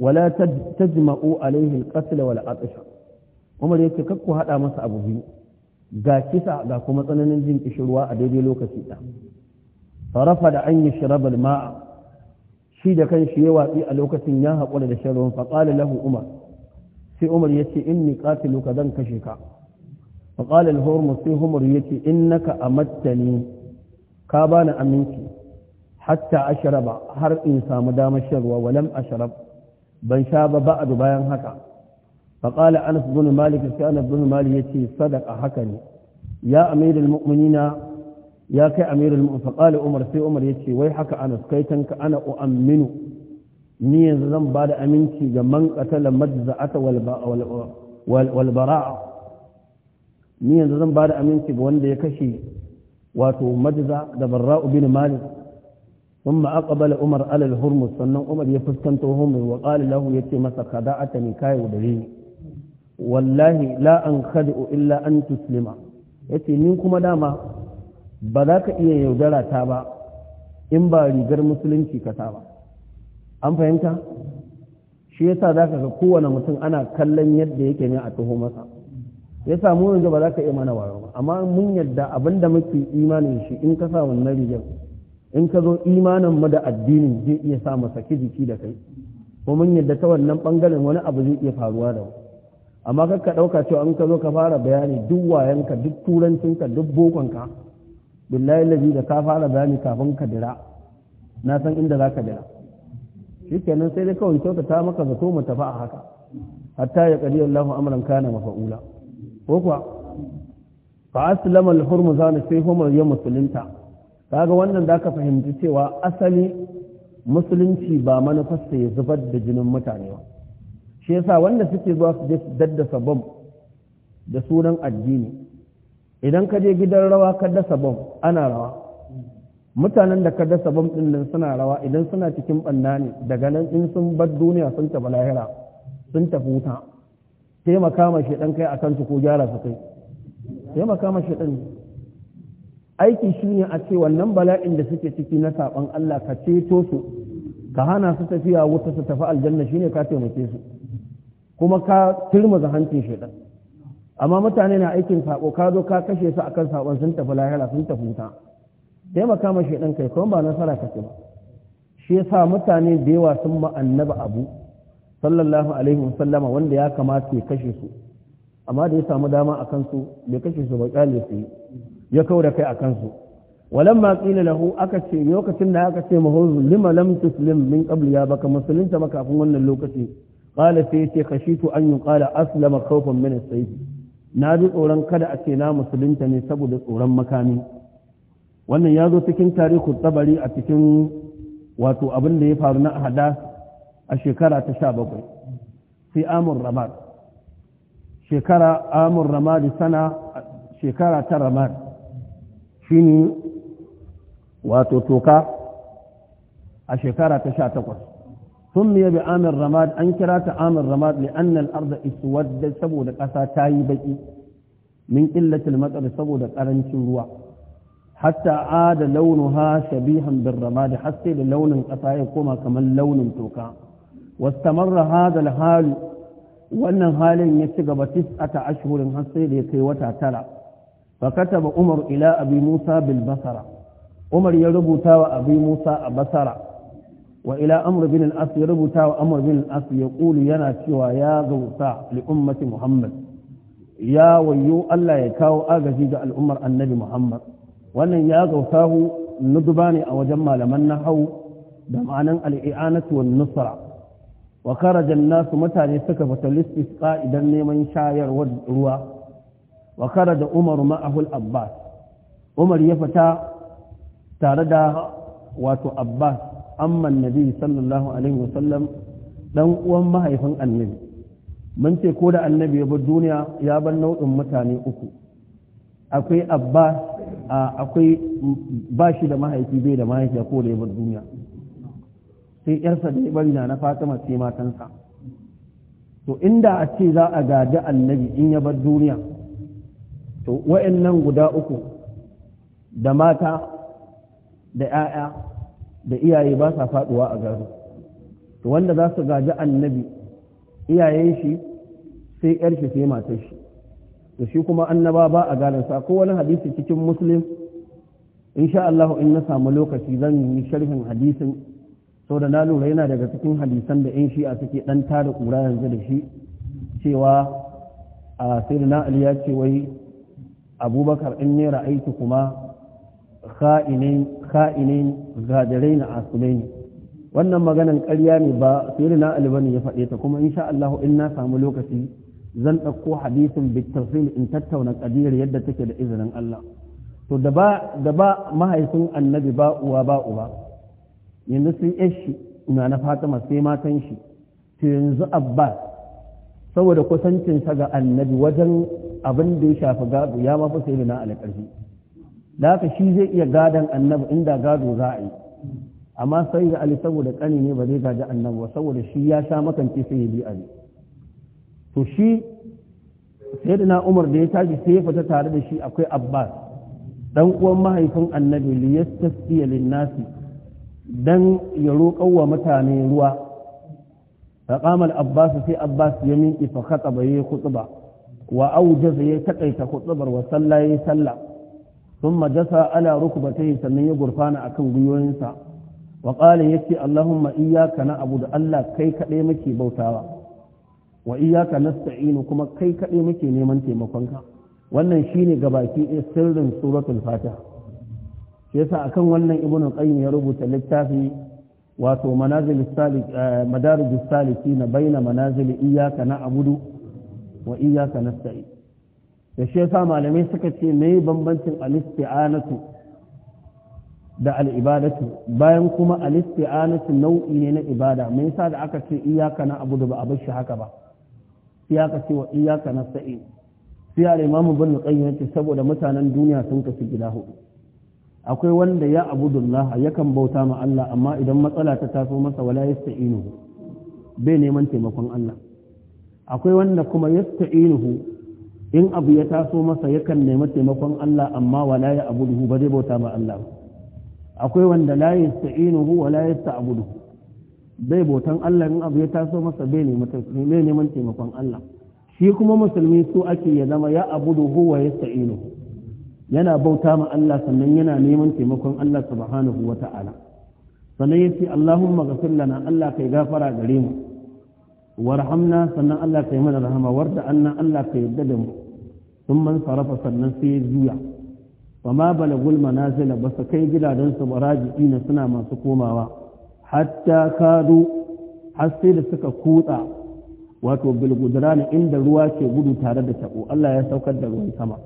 wala tajma'u alaihi alqatl wal atsha umar ya ce kakku hada masa abu biyu ga kisa ga kuma tsananin jin kishirwa a daidai lokaci da farafa da an yi shirabal ma'a shi da kan shi ya watsi a lokacin ya haƙura da shan ruwan faƙali lahu umar sai umar ya ce in ni zan kashe ka faƙali al-hormuz sai umar ya ce in naka ka bani aminci hatta ashraba har in samu damar shirwa walam ashrab ban sha ba ba bayan haka faƙala anas bin malik sai anas bin malik yace haka ne ya kai amirul mu'min faƙala umar sai umar yace wai haka anas kai tanka ana u'minu ni yanzu zan ba da aminci ga man qatala madza'ata wal wal bara'a ni yanzu zan ba da aminci ga wanda ya kashe wato majza da barra'u bin malik thumma aqbala umar ala al-hurmus sannan umar ya fuskanta hurmus wa qala lahu yace masa kada'ata ni kai wudare wallahi la an illa an tuslima yace ni kuma dama ba za ka iya yaudara ta ba in ba rigar musulunci kasa ba an fahimta shi yasa zaka ga kowane mutum ana kallon yadda yake ne a masa. ya samu yanzu ba za ka iya mana wayo ba amma mun yadda abinda muke imanin shi in ka sa wannan rigar in ka zo imanin mu da addinin zai iya sa mu saki jiki da kai ko mun yadda ta wannan bangaren wani abu zai iya faruwa da mu amma kakka ka cewa in ka zo ka fara bayani duk wayanka duk turancinka duk bokonka billahi da ka fara bayani kafin ka dira na san inda za ka dira kenan sai dai kawai kyautata maka zato mu tafi a haka hatta ya qadi Allahu amran kana mafa'ula ko kuwa fa aslama al-hurmuzan sai Umar ya musulunta kaga wannan da ka fahimci cewa asali musulunci ba manufarsa ya zubar da jinin mutane ba shi yasa wanda suke zuwa su je daddasa bom da sunan addini idan ka je gidan rawa ka dasa bom ana rawa mutanen da ka dasa bom din nan suna rawa idan suna cikin banna ne daga nan in sun bar duniya sun tafi lahira sun tafi wuta taimaka ma shaidan kai a kansu ko gyara su kai taimaka ma shi ne aiki ne a ce wannan bala'in da suke ciki na saɓon Allah ka ceto su ka hana su tafiya wuta su tafi aljanna shi ne ka taimake su kuma ka turmuza hancin shaidan amma mutane na aikin saƙo ka zo ka kashe su akan saƙon sun tafi lahira sun tafi wuta taimaka ma shaidan kai kuma ba nasara kake ba shi yasa mutane da yawa sun ma abu sallallahu alaihi wasallama wanda ya kamata ya kashe su amma da ya samu dama a kansu bai kashe su ba kyale su ya kau da kai a kansu walamma qila lahu aka ce lokacin da aka ce mahuzu lima lam tuslim min qabl ya baka musulunta ba kafin wannan lokaci qala sai kashi khashitu an yuqala aslama khawfan min as-sayf na ji tsoron kada a ce na musulunta ne saboda tsoron makami wannan ya zo cikin tarihi tabari a cikin wato abin da ya faru na hadas a shekara ta sha bakwai fi amur ramad shekara amur ramad sana shekara ta ramad shi ne wato toka a shekara ta sha takwas sun miya bi amir ramad an kira ta amir ramad ne annan arda wadda saboda ƙasa ta yi baƙi min ƙillacin matsar saboda ƙarancin ruwa Hatta a da shabihan bin لونها Haske da launin ƙasa ya koma كمان launin toka. wastamarra hadal halu wannan halin ya ci gaba tis'ata ashhurin har sai da ya kai wata tara fa kataba umar ila abi musa bil basara umar ya rubuta wa abi musa a basara wa ila amr bin al-as ya rubuta wa amr bin al-as ya kulu yana cewa ya gausa li ummati muhammad ya wayo Allah ya kawo agaji ga al'ummar annabi muhammad wannan ya gausahu nuduba ne a wajen malaman nahawu da ma'anan al-i'anatu wan nusra wa karajan nasu mutane suka fita listisqa idan neman shayarwar ruwa wa karaja umar ma'ahul abbas umar ya fita tare da wato abbas amman nabi sallallahu alaihi wasallam dan uwan mahaifin annabi mun ce ko da annabi ya bar duniya ya bar nau'in mutane uku akwai abbas akwai ba shi da mahaifi bai da mahaifi ko da ya bar duniya sai ƴarsa da bari na na fatima sai matansa to inda a ce za a gaji annabi in ya bar duniya to wa'annan guda uku da mata da 'ya'ya da iyaye ba sa faduwa a gado to wanda za su gaji annabi iyayen shi sai ƴar shi sai matar shi to shi kuma annaba ba a gadon sa ko wani hadisi cikin muslim sha Allah in na samu lokaci zan yi sharhin hadisin da na lura yana daga cikin hadisan da yan shi'a suke dan tada kura yanzu da shi cewa a sayyidina ali ya ce wai abubakar in ne ra'aiki kuma kha'inin kha'inin gadirai na asulai ne wannan maganan ƙarya ne ba sayyidina ali bane ya faɗe ta kuma insha Allah in na samu lokaci zan ɗauko hadisin bitafsil in tattauna ƙadiyar yadda take da izinin Allah to da ba mahaifin annabi ba uwa ba uba yanzu yi yashi na na fatima sai matan shi to yanzu abbas saboda kusancinsa ga annabi wajen abin da ya shafi gado ya mafi sai da na alƙarfi da haka shi zai iya gadon annabi inda gado za a yi amma sai da ali saboda kani ne ba zai gaji annabi ba saboda shi ya sha makance sai ya bi ali to shi sai da na umar da ya tashi sai ya fita tare da shi akwai abbas dan uwan mahaifin annabi liyastasqiya lin nasi dan ya ruƙau wa mutane ruwa faqama al-abbas sai abbas ya miki fa khataba yi khutba wa awjaza ya takaita khutbar wa salla yi salla thumma jasa ala yi sannan ya gurfana akan gwiwoyinsa wa qala yace allahumma iyyaka na'budu allah kai kaɗai muke bautawa wa iyyaka nasta'inu kuma kai kaɗai muke neman taimakonka wannan shine gabaki sirrin suratul fatiha yasa akan wannan ibnu qayyim ya rubuta littafi wato manazil salik eh, madarij salikin baina manazil iyyaka na'budu wa iyyaka nasta'in da shi yasa malamai suka ce me bambancin al-isti'anatu da al-ibadatu bayan kuma al-isti'anatu nau'i ne na ibada me yasa da aka ce iyyaka na'budu ba a bar shi haka ba sai aka ce wa iyyaka nasta'in sai al-imam ibn qayyim ya ce saboda mutanen duniya sun kasu gida hudu akwai wanda ya abudullah yakan bauta ma Allah amma idan matsala ta taso masa wala yasta'inuhu bai neman taimakon Allah akwai wanda kuma yasta'inuhu in abu ya taso masa yakan nemi taimakon Allah amma wala ya abuduhu ba zai bauta ma Allah akwai wanda la yasta'inuhu wala yasta'buduhu bai bautan Allah in abu ya taso masa bai neman taimakon Allah shi kuma musulmi su ake ya zama ya abuduhu wa yasta'inuhu yana bauta ma Allah sannan yana neman taimakon Allah subhanahu wa ta'ala sannan ya ce Allahumma ghafir lana Allah kai gafara gare mu warhamna sannan Allah kai mana rahama warda annan Allah kai yadda da mu sun man sarrafa sannan sai ya juya fa ma gulma manazila ba su kai gidajen su baraji na suna masu komawa hatta kadu har sai da suka kutsa wato bilgudurani inda ruwa ke gudu tare da tabo Allah ya saukar da ruwan sama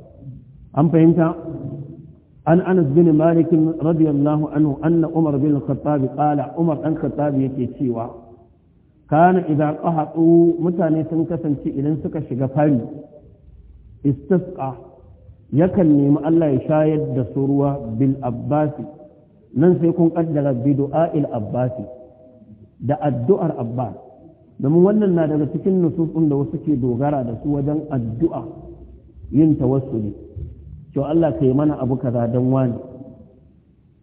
an fahimta an anas bin malik radiyallahu anhu anna umar bin al-khattab qala umar dan khattab yake cewa kana idan qahatu mutane sun kasance idan suka shiga fari istisqa yakan nemi Allah ya shayar da su ruwa bil abbasi nan sai kun kaddara il abbasi da addu'ar abbas domin wannan na daga cikin nususun da wasu ke dogara da su wajen addu'a yin tawassuli to Allah ka yi mana abu kaza don wani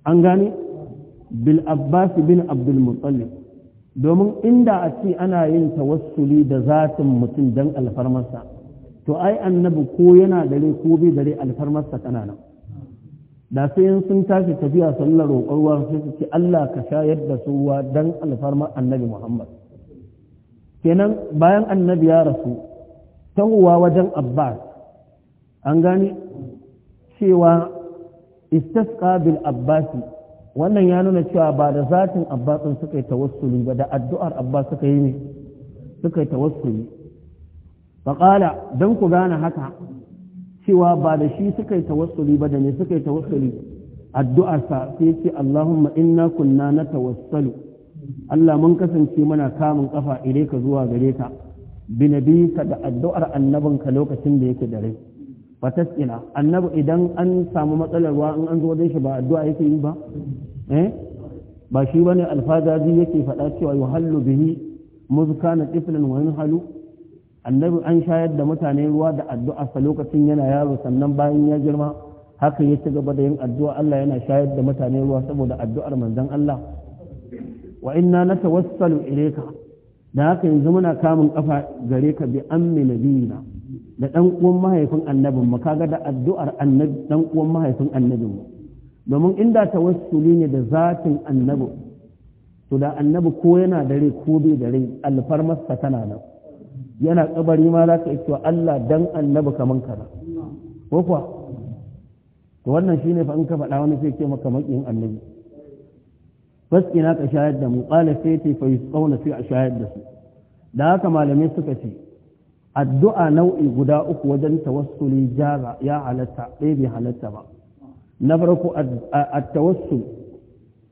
an gane bil abbas bin abdul muttalib domin inda a ce ana yin tawassuli da zatin mutum don alfarmarsa to ai annabi ko yana dare ko bai dare alfarmarsa nan. da sai in sun tashi tafiya sallar roƙon ruwa sai su ce Allah ka shayar da su ruwa don alfarmar annabi Muhammad kenan bayan annabi ya rasu tahowa wajen Abbas an gane cewa istasqa bil abbasi wannan ya nuna cewa ba da zatin abbasin suka yi tawassuli ba da addu'ar abbas suka yi ne suka yi tawassuli faƙala don ku gane haka cewa ba da shi suka yi tawassuli ba da ne suka yi tawassuli addu'arsa sai ce Allahumma inna kunna na tawassalu Allah mun kasance mana kamun kafa ire ka zuwa gare ka bi da addu'ar annabinka lokacin da yake da rai fatasqina annabi idan an samu matsalar ruwa in an zo wajen shi ba addu'a yake yi ba eh ba shi bane alfazazi yake faɗa cewa yuhallu bihi muzkana tiflan wa yunhalu annabi an shayar da mutane ruwa da addu'a sa lokacin yana yaro sannan bayan ya girma haka ya ci gaba da yin addu'a Allah yana shayar da mutane ruwa saboda addu'ar manzon Allah wa inna natawassalu ilayka da haka yanzu muna kamun kafa gare ka bi ammi nabiyina da ɗan uwan mahaifin annabin mu kaga da addu'ar annabi ɗan uwan mahaifin annabin mu domin inda tawassuli ne da zatin annabi to da annabi ko yana da rai ko bai da rai ta tana nan yana kabari ma za ka yi cewa Allah dan annabi kaman kaza ko kuwa to wannan shine fa in ka faɗa wani sai ce maka makin annabi fasina ka shayar da mu qala sai fa yusqawna fi shayar da su da haka malamai suka ce addu'a nau'i guda uku wajen tawassuli jaza ya halatta ɗaya bai halatta ba na farko a tawassul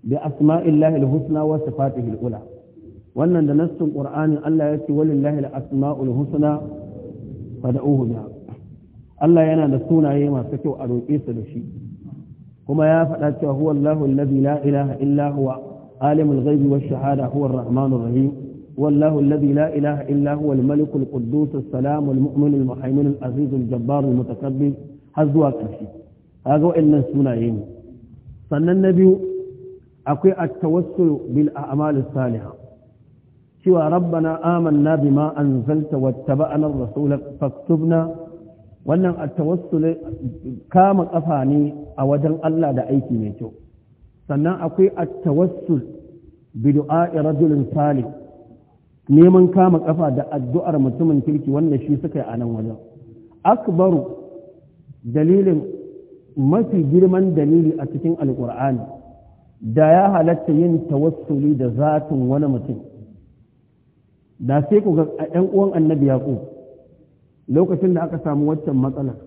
bi asma'illahi al-husna wa sifatihi al-ula wannan da nassin qur'ani Allah ya ce walillahi al-asma'ul husna fad'uhu biha Allah yana da sunaye masu kyau a roƙe su da shi kuma ya faɗa cewa huwa Allahu allazi la ilaha illa huwa alimul ghaibi wash shahada huwa ar-rahmanur rahim والله الذي لا إله إلا هو الملك القدوس السلام المؤمن المحيمن العزيز الجبار المتكبر هزوا كرشي هذا إن سنة يمي سنة النبي أقوى التوسل بالأعمال الصالحة سوى ربنا آمنا بما أنزلت واتبعنا الرسول فاكتبنا wannan a tawassul kama kafa ne a wajen Allah da aiki mai kyau sannan akwai a tawassul bi du'a'i rajulin salih neman kama kafa da addu'ar mutumin kirki wannan shi suka yi a nan wajen akbaru dalilin mafi girman dalili a cikin alkur'ani da ya halatta yin tawassuli da zatin wani mutum da sai ku ga ɗan uwan annabi yaƙo lokacin da aka samu waccan matsalar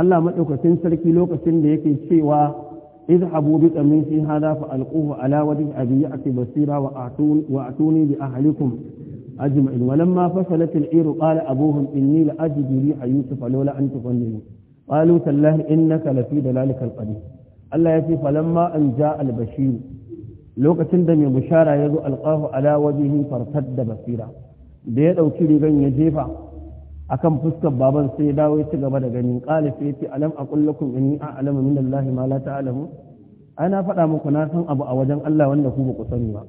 Allah maɗaukacin sarki lokacin da yake cewa اذهبوا بقميصي هذا فألقوه على وجه أبي يأتي بصيرا وأعتون وأعتوني بأهلكم أجمعين ولما فصلت العير قال أبوهم إني لأجد ريح يوسف لولا أن تفنني قالوا تالله إنك لفي ذلك القديم الله يأتي فلما أن جاء البشير lokacin da mai bishara ya zo alƙahu ala wajihi fartad da basira da ya ɗauki rigan ya jefa akan fuskar baban sai dawo ya ci gaba da ganin qala sai yace alam aqul lakum inni a'lamu min Allahi ma la ta'lamu ai na faɗa muku na san abu a wajen Allah wanda ku ba ku sani ba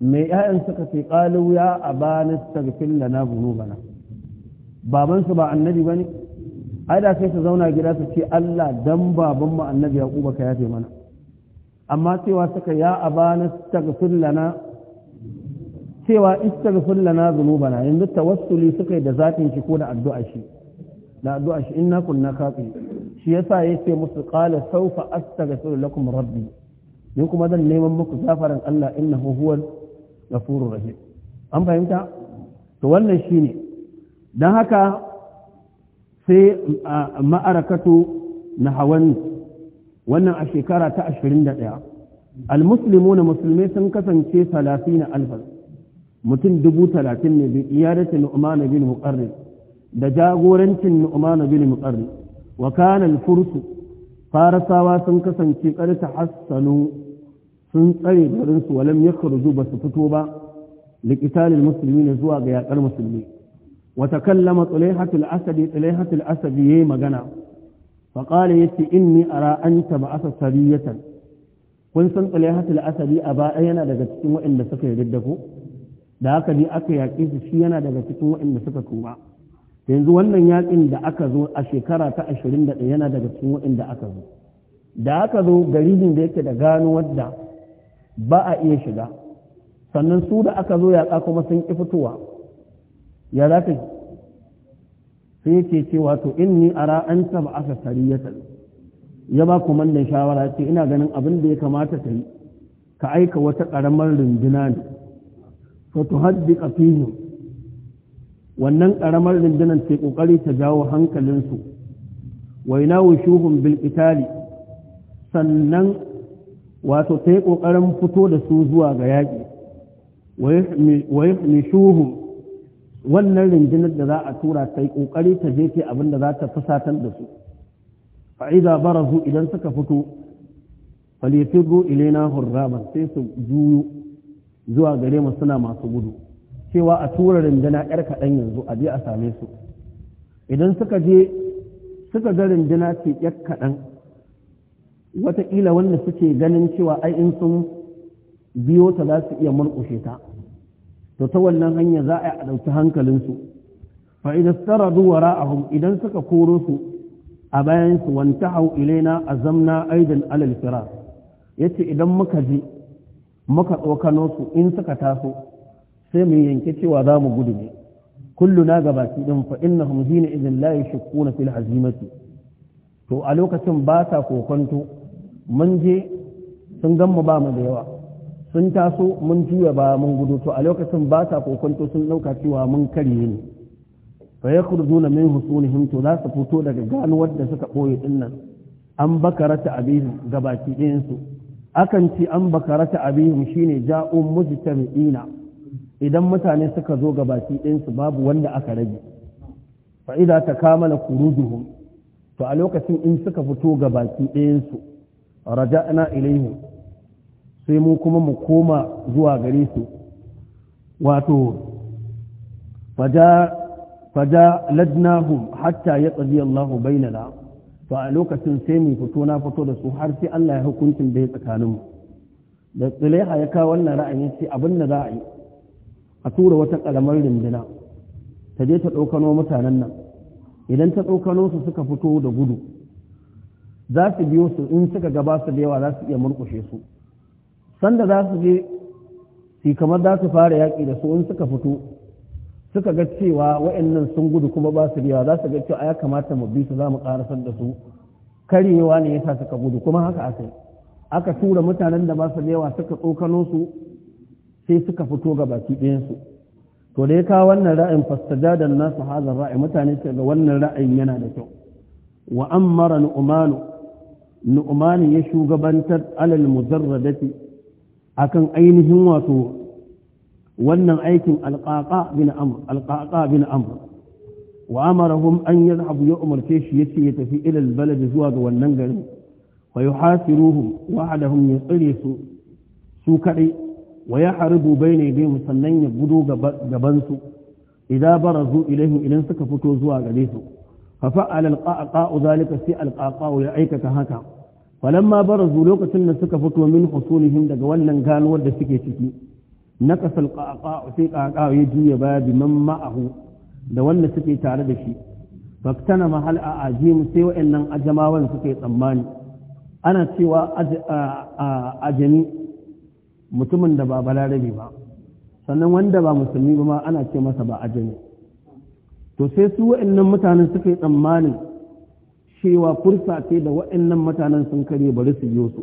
me ƴaƴan suka ce qalu ya abana astaghfir lana dhunubana baban su ba annabi bane ai da sai su zauna gida su ce Allah dan baban mu annabi yaquba ka yafe mana amma cewa suka ya abana astaghfir lana cewa istaghfir lana dhunubana yanzu tawassuli suka yi da zatin shi ko da addu'a shi da addu'a shi inna kunna kafi shi yasa yace musu qala sawfa astaghfiru lakum rabbi ni kuma zan neman muku gafaran Allah innahu huwal ghafurur rahim an fahimta to wannan shine dan haka sai ma'arakatu na hawan wannan a shekara ta 21 al-muslimuna musulmai sun kasance 30 alfan mutum dubu talatin ne bi iyadati nu'man bin muqarrib da jagorancin nu'man bin muqarrib wa kana al farasawa sun kasance karta hassanu sun tsare garin su walam yakhruju basu fito ba liqital al-muslimin zuwa ga yakar musulmi wa takallama tulaihat al-asadi tulaihat al-asadi yayi magana fa qala yati inni ara anta ba'asa sariyatan kun san tulaihat al-asadi a ba yana daga cikin waɗanda suka yi ko da aka bi aka yaƙe su shi yana daga cikin waɗanda suka tuba yanzu wannan yaƙin da aka zo a shekara ta ashirin da yana daga cikin waɗanda aka zo da aka zo garibin da yake da gano wadda ba a iya shiga sannan su da aka zo yaƙa kuma sun ƙi fitowa ya za ka sun yake ce wato ni ara an taba aka sariyatan ya ba kumandan shawara ce ina ganin abin da ya kamata ta yi ka aika wata ƙaramar runduna ne fa tuhaddiqa wannan ƙaramar rundunar ce ƙoƙari ta jawo hankalinsu wa yunawishum bil sannan wato ta yi fito da su zuwa ga yaƙi wa yahmishuhum wannan rundunar da za a tura ta yi kokari ta je ta abin da za ta fusatar da su fa'iza barazu idan suka fito falitirru ilaina hurraban sai su juyo zuwa gare mu suna masu gudu cewa a tura rindina yar kaɗan yanzu a je a same su idan suka je suka ga rindina ce yar kaɗan wataƙila wanda suke ganin cewa ai in sun biyo ta za su iya murƙushe ta to ta wannan hanya za a ɗauki hankalinsu fa idan a a idan suka koro su a bayansu wanta hau ilaina zamna aidan alal firar yace idan muka je muka tsokano su in suka taso sai mu yanke cewa za mu gudu ne kullu na gaba baki din fa innahum hina idin la yashkuna fil azimati to a lokacin ba ta kokonto mun je sun gan mu ba mu da yawa sun taso mun juya ba mun gudu to a lokacin ba ta kokonto sun dauka cewa mun karye ne fa yakhruduna min husunihim to za su fito daga ganuwar da suka boye dinnan an bakarata abin gabaki ɗayan su akan ci an bakarata abihim shine ja'un mujtami'ina idan mutane suka zo ga baki ɗinsu babu wanda aka rage fa idza takamala kurujuhum to a lokacin in suka fito ga baki ɗayansu raja'na ilaihim sai mu kuma mu koma zuwa gare su wato faja faja ladnahum hatta yaqdi Allahu bainana to a lokacin sai mu fito na fito da su har sai Allah ya hukuncin da ya tsakaninmu da tsileha ya kawo wannan ra'ayin sai abin da za a yi a tura wata kalamar rindina ta je ta ɗaukano mutanen nan idan ta ɗaukano su suka fito da gudu za su biyo su in suka gaba su da yawa za su iya murƙushe su sanda za su je su kamar za su fara yaƙi da su in suka fito suka ga cewa wa'annan sun gudu kuma ba su riya za su ga cewa ya kamata mu bi su za mu karasar da su karyewa ne yasa suka gudu kuma haka aka yi aka tura mutanen da ba su da yawa suka tsokano su sai suka fito ga baki ɗayansu to da ya kawo wannan ra'ayin fastajadan nasu hazan ra'ayi mutane ce ga wannan ra'ayin yana da kyau wa ammara nu'manu nu'mani ya shugabantar alal mujarradati akan ainihin wato wannan aikin alƙaƙa bin amur. wa amarahum an yadhhabu ya umarce shi ce ya tafi ilal albalad zuwa ga wannan garin fa yuhasiruhum wa'adahum ya tsire su su kadai wa bai ne yadayhim sannan ya gudo gabansu. su idan barazu ilaihim idan suka fito zuwa gare su fa fa'ala alqaqa zalika sai alqaqa ya aikata haka falamma barazu lokacin da suka fito min husulihim daga wannan ganuwar da suke ciki نقص القعقاع في قعقاع يجي باب من معه da wanda suke tare da shi baktana mahal a ajimu sai wa'annan ajamawan suke tsammani ana cewa ajami mutumin da ba balarabe ba sannan wanda ba musulmi ba ma ana ce masa ba ajami to sai su wa'annan mutanen suke tsammanin cewa fursa ce da wa'annan mutanen sun kare bari su yi su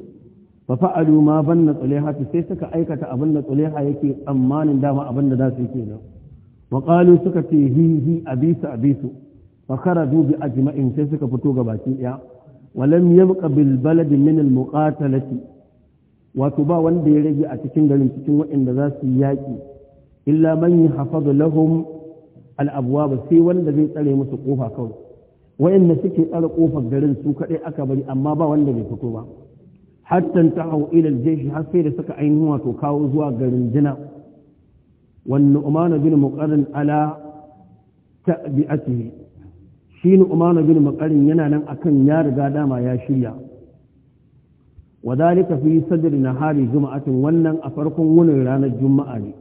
fa fa'alu ma banna tsuleha sai suka aikata abin da tsuleha yake tsammanin dama abin da za su yi kenan wa qalu suka ce hi hi abisu abisu fa kharaju bi ajma'in sai suka fito ga baki daya walam yabqa bil balad min al muqatalati wato ba wanda ya rage a cikin garin cikin waɗanda za su yi yaƙi illa man yahfadu lahum al abwab sai wanda zai tsare musu kofa kawai waɗanda suke tsare kofar garin su kaɗai aka bari amma ba wanda bai fito ba hattan ta hau ilal jeshi har sai da suka ainihin wato kawo zuwa garin jina wani umarna bin mukarin ala ta bi a ciki shi ni umarna bin mukarin yana nan akan ya riga dama ya shirya wadalika fi sadir na hari juma'atin wannan a farkon wunin ranar juma'a ne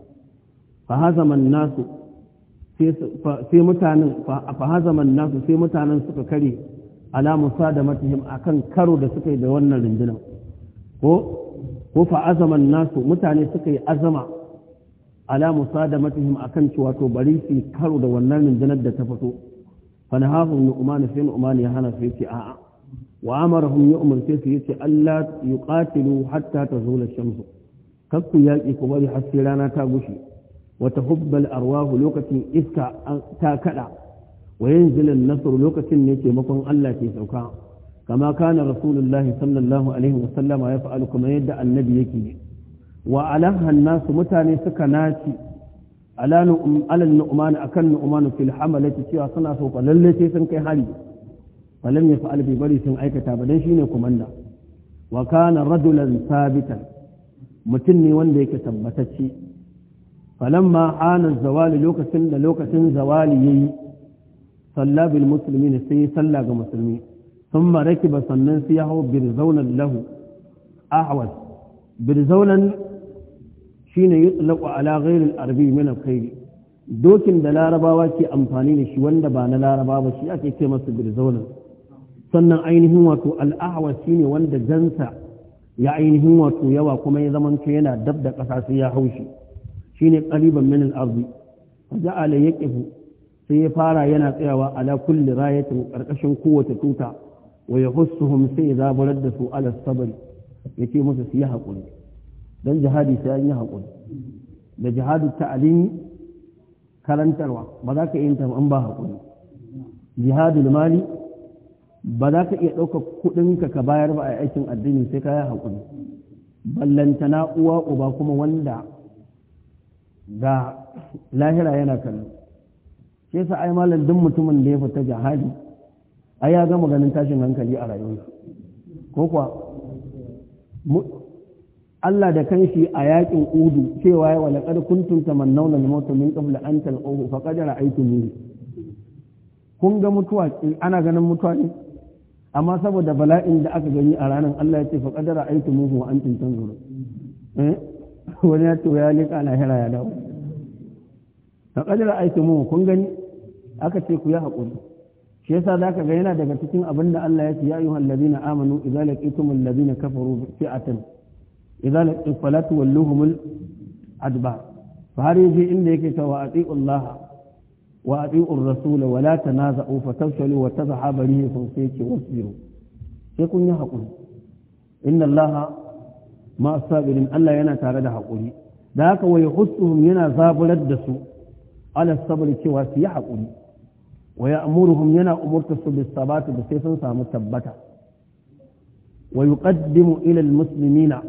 fa hazaman nasu sai mutanen fa hazaman nasu sai mutanen suka kare ala musa da matahim akan karo da suka yi da wannan rundunar ko ko fa azaman nasu mutane suka yi azama ala musadamatihim akan cewa to bari su karo da wannan rundunar da ta fito fa nahahu nu'man fi nu'man ya hana su yace, a'a wa amarahum yu'mar fi fi yace Allah yuqatilu hatta tazula shamsu kakku yaki ku bari har rana ta gushi wa tahubbal arwahu lokacin iska ta kada wa yanzil nasr lokacin ne taimakon Allah ke sauka kama kana rasulullahi sallallahu alaihi wasallam ya fa'al kuma yadda annabi yake wa alaha nasu mutane suka naci ala nu'man akan nu'man fil hamalati cewa suna so lalle sai sun kai hari falam yaf'al bi bari sun aikata ba dan shine komanda wa kana rajulan sabitan mutum ne wanda yake tabbatacce falamma ana zawali lokacin da lokacin zawali yayi salla musulmi muslimin sai salla ga musulmi sun maraki ba sannan su ya hau birzaunan lahu ahwas birzaunan shi ne yi tsulaƙwa ala gairin arbi mina kairi dokin da larabawa ke amfani da shi wanda ba na laraba ba shi ake ce masa birzaunan sannan ainihin wato al'ahwas shi ne wanda jansa ya ainihin wato yawa kuma ya zamanto yana dab da ƙasa sai ya haushi shi ne ƙaliban min al'arzi ja'ala ya sai ya fara yana tsayawa ala kulli rayatin ƙarƙashin kowace tuta wa yahussuhum sai zaburar da su ala sabr yace musu su yi hakuri dan jihadi sai an yi hakuri da jihadu ta'alimi karantarwa ba za ka yi ta an ba hakuri Jihadu mali ba za ka iya ɗaukar kuɗinka ka bayar ba a aikin addini sai ka yi hakuri ballantana uwa uba kuma wanda Da lahira yana kallo sai sa ai malam duk mutumin da ya fita jihadi a ya gama ganin tashin hankali a rayuwarsu. ko kuwa Allah da kanshi a yakin udu cewa ya wala kad kuntum mannau na maut min qabl an talqahu faqad ra'aytumuhu kun ga mutuwa ana ganin mutuwa ne amma saboda bala'in da aka gani a ranar Allah ya ce fa qadara aitu muhu wa an tanzuru zuru eh? [laughs] wani ya to ya lika na hira ya dawo fa qadara aitu muhu kun gani aka ce ku ya haƙuri shi yasa zaka ga yana daga cikin abin da Allah ya ce ya ayyuhal ladina amanu idza laqitumul ladina kafaru fi'atan idza laqi fala tuwalluhumul adbar fa har yaje inda yake cewa ati'u Allah wa ati'u ar-rasul wa la tanaza'u fatafshalu wa tadhhabu rihukum sai ce wasbiru sai kun yi hakuri inna Allah ma sabirin Allah yana tare da hakuri da haka wa yahussuhum yana zaburar da su ala sabri cewa su yi hakuri wa ya'muruhum yana umurta su bis da sai sun samu tabbata wa yuqaddimu ila musulmina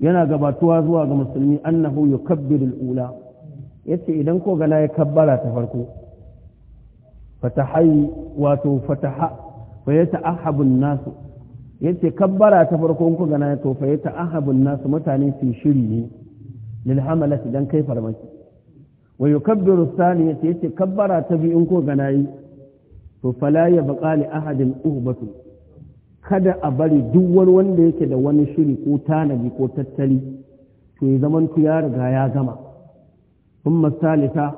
yana gabatuwa zuwa ga musulmi annahu yukabbiru al ula yace idan ko kabbara ta farko fatahai wato fataha fa yata'ahabu nasu mutane su shiri ne lil hamalati dan kai farmaki wa yukabbiru thaniyati yace kabbara ta biyu in ko gana yi to fala ya baqa li ahadin uhbatu kada a bari duk wani wanda yake da wani shiri ko tanabi ko tattali to ya zaman ya riga ya gama kuma salisa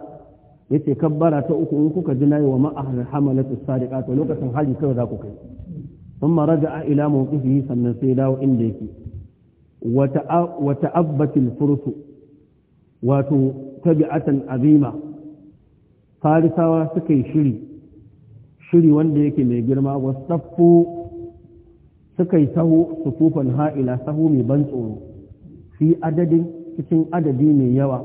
yace kabbara ta uku in kuka jina wa ma'ahar hamalatu sadiqa to lokacin hali kawai za ku kai ثم sannan sai موقفه inda وإن wata abbatil Furtu. wato tabi'atan azima farisawa suka yi shiri shiri wanda yake mai girma saffo suka yi taho sufufan ha'ila sahu mai ban tsoro fi adadin cikin adadi mai yawa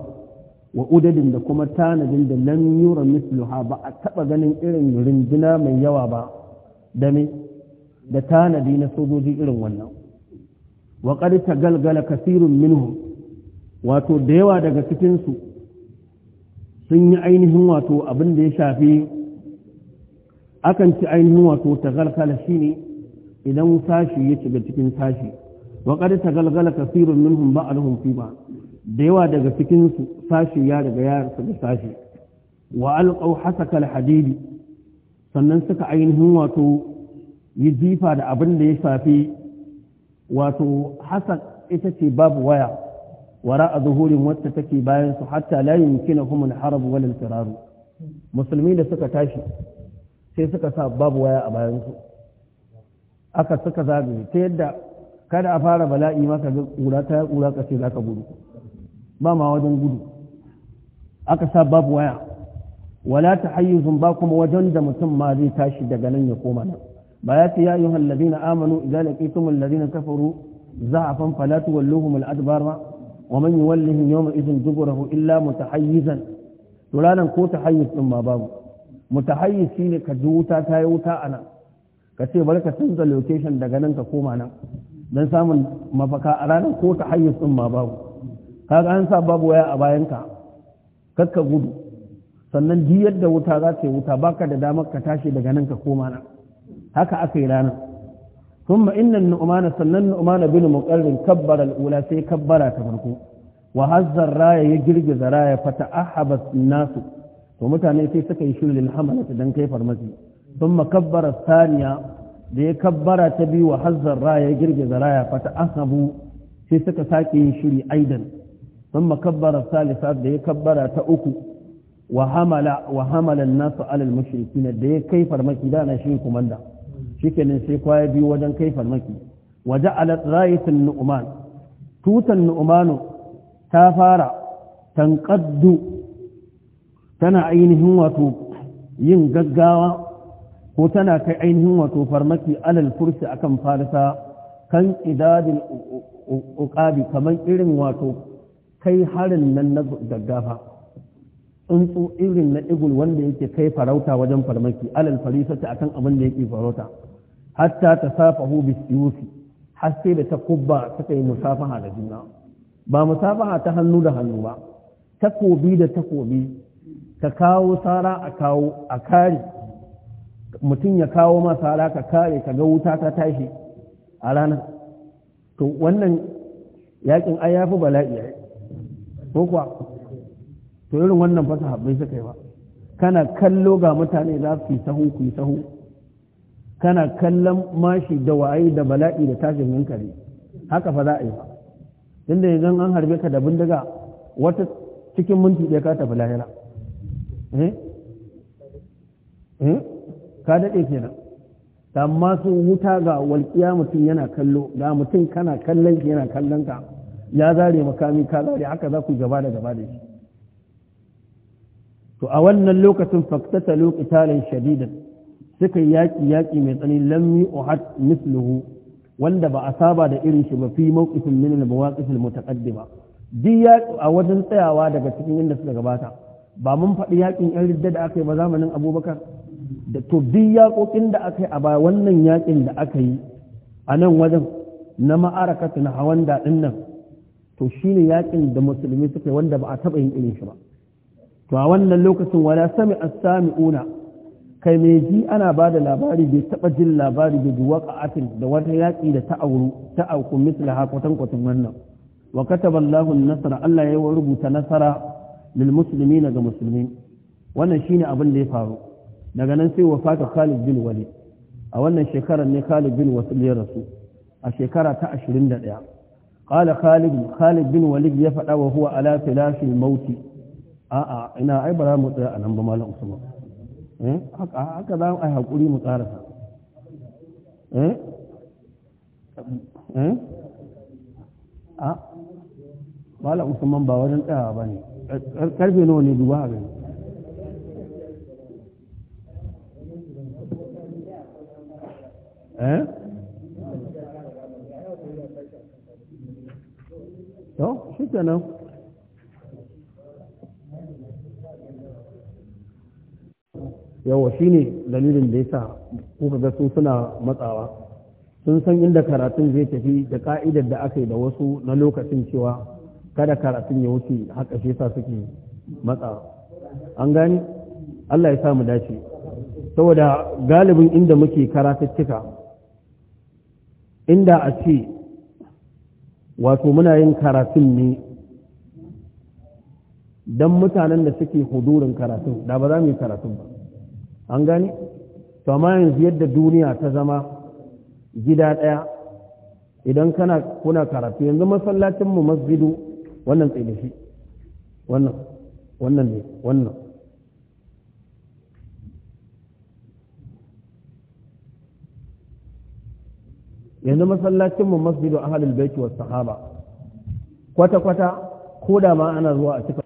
wa udadin da kuma tanadin da lam yura misluha ba a taba ganin irin rinduna mai yawa ba da me da tanadi na sojoji irin wannan wa qad Kasirin kasirun minhum wato da yawa daga cikinsu sun yi ainihin wato abin da ya shafi akan ci ainihin wato tagalgala shi ne idan sashi ya shiga cikin sashi wa ta tagalgala kasirun minhum ba'aluhum fi ba da yawa daga cikinsu sashi ya daga ya da sashi wa alqaw hasaka hadidi sannan suka ainihin wato yi jifa da abin da ya shafi wato hasak ita ce babu waya wara a zuhurin wacce take bayan su hatta la yumkinuhum al-harb wal firar musulmi da suka tashi sai suka sa babu waya a bayan aka suka zagaye ta yadda kada a fara bala'i maka ga kura ta kura ka ce zaka gudu ba ma wajen gudu aka sa babu waya wala tahayyuzun ba kuma wajen da mutum ma zai tashi daga nan ya koma ba ya ce ladina amanu idza laqitumul ladina kafaru za'afan fala tuwalluhum al ومن yi yuwallihim yawma idin duburahu illa mutahayyizan to ranan ko tahayyiz din ma babu mutahayyiz shine ka ji wuta ta yi wuta ka ce canza location daga nan ka koma nan don samun mafaka a ranar ko ta hayyar sun ma babu kaga an sa babu waya a bayanka kakka gudu sannan ji yadda wuta za ta yi wuta baka da damar ka tashi daga nan ka koma nan haka aka yi ranar ثم إن النؤمان سنن النؤمان بن مقرن كبر الأولى سي كبر تفرقو وهز الراية يجرج زراية فتأحب الناس ومتعني في سكي شل للحملة دن كيف المسي ثم كبر الثانية دي كبر تبي وهز الراية يجرج زراية فتأحب في سكي ساكي شل أيضا ثم كبر الثالثة دي كبر تأكو وحمل وحمل الناس على المشركين دي كيف المسي دانا شيكم الله shikenan sai kwaya biyu wajen kai farmaki waje alatsayitin nu'uman tutan nu'umanu ta fara tankaddu tana ainihin wato yin gaggawa ko tana kai ainihin wato farmaki alal fursi akan farisa kan idadin uƙabi kamar irin wato kai harin nan na gaggafa tsuntsu irin na igul wanda yake kai farauta wajen farmaki alal farisata akan abin da yake farauta hatta ta safa hu siyusi har sai da ta kubba suka yi musafaha da juna ba musafaha ta hannu da hannu ba takobi da takobi ka kawo sara a kawo a kare mutum ya kawo ma sara ka kare ka ga wuta ta tashi a ranar to wannan yakin ai yafi bala'i ai ko kuwa to irin wannan fasaha bai suka yi ba kana kallo ga mutane za su yi sahu ku yi sahu kana kallon mashi da waye da bala'i da tashin hankali haka fa za a yi ba tunda yanzu an harbe ka da bindiga wata cikin minti ɗaya ka tafi lahira eh? Eh? ka daɗe kenan amma masu wuta ga walƙiya mutum yana kallo da mutum kana kallon shi yana kallon ka ya zare makami ka zare haka za ku gaba da gaba da shi to a wannan lokacin faktata lokitalin shadidan suka yi yaƙi yaƙi mai tsani Lammi ohad misluhu wanda ba a saba da irin shi ba fi mawqifin min al-mawaqif mutaqaddima duk yaƙi a wajen tsayawa daga cikin inda suka gabata ba mun faɗi yaƙin yan ridda da aka yi ba zamanin abubakar da to duk yaƙoƙin da aka yi a baya wannan yaƙin da aka yi a nan wajen na ma'arakatu na hawan daɗin nan to shine yaƙin da musulmi suka yi wanda ba a taɓa yin irin shi ba to a wannan lokacin wala sami as-sami'una kai mai ji ana ba da labari bai taɓa jin labari da ji waƙa'atin da wata yaƙi da ta auru ta auku misla ha kwatankwatan wannan wa kataba nasara Allah ya rubuta nasara lil musulmi ga musulmi wannan shine abin da ya faru daga nan sai wafata Khalid bin Walid a wannan shekarar ne Khalid bin Walid ya rasu a shekara ta 21 qala Khalid Khalid bin Walid ya faɗawa wa huwa ala filashil mauti a'a ina ai ba mu tsaya a nan ba malam Usman eh haka za a yi haƙuri mu ƙarasa eh eh a usman ba wajen tsayawa ba ne karfe nawa ne duba a gani eh to shi kenan yawa shi ne dalilin da ya sa kuka ga su suna matsawa sun san inda karatun zai tafi da ka'idar da aka yi da wasu na lokacin cewa kada karatun ya wuce haka shi sa suke matsawa an gani Allah ya sa dace saboda galibin inda muke karatuttuka inda a ce wato muna yin karatun ne don mutanen da suke hudurin karatun da ba za mu yi karatun ba an gani to amma yanzu yadda duniya ta zama gida ɗaya idan kana kuna karatu yanzu masallacin mu masjidu wannan tsilishi wannan wannan ne wannan yanzu masallacin mu masjidu ahlul baiti was sahaba kwata kwata ko da ma ana zuwa a cikin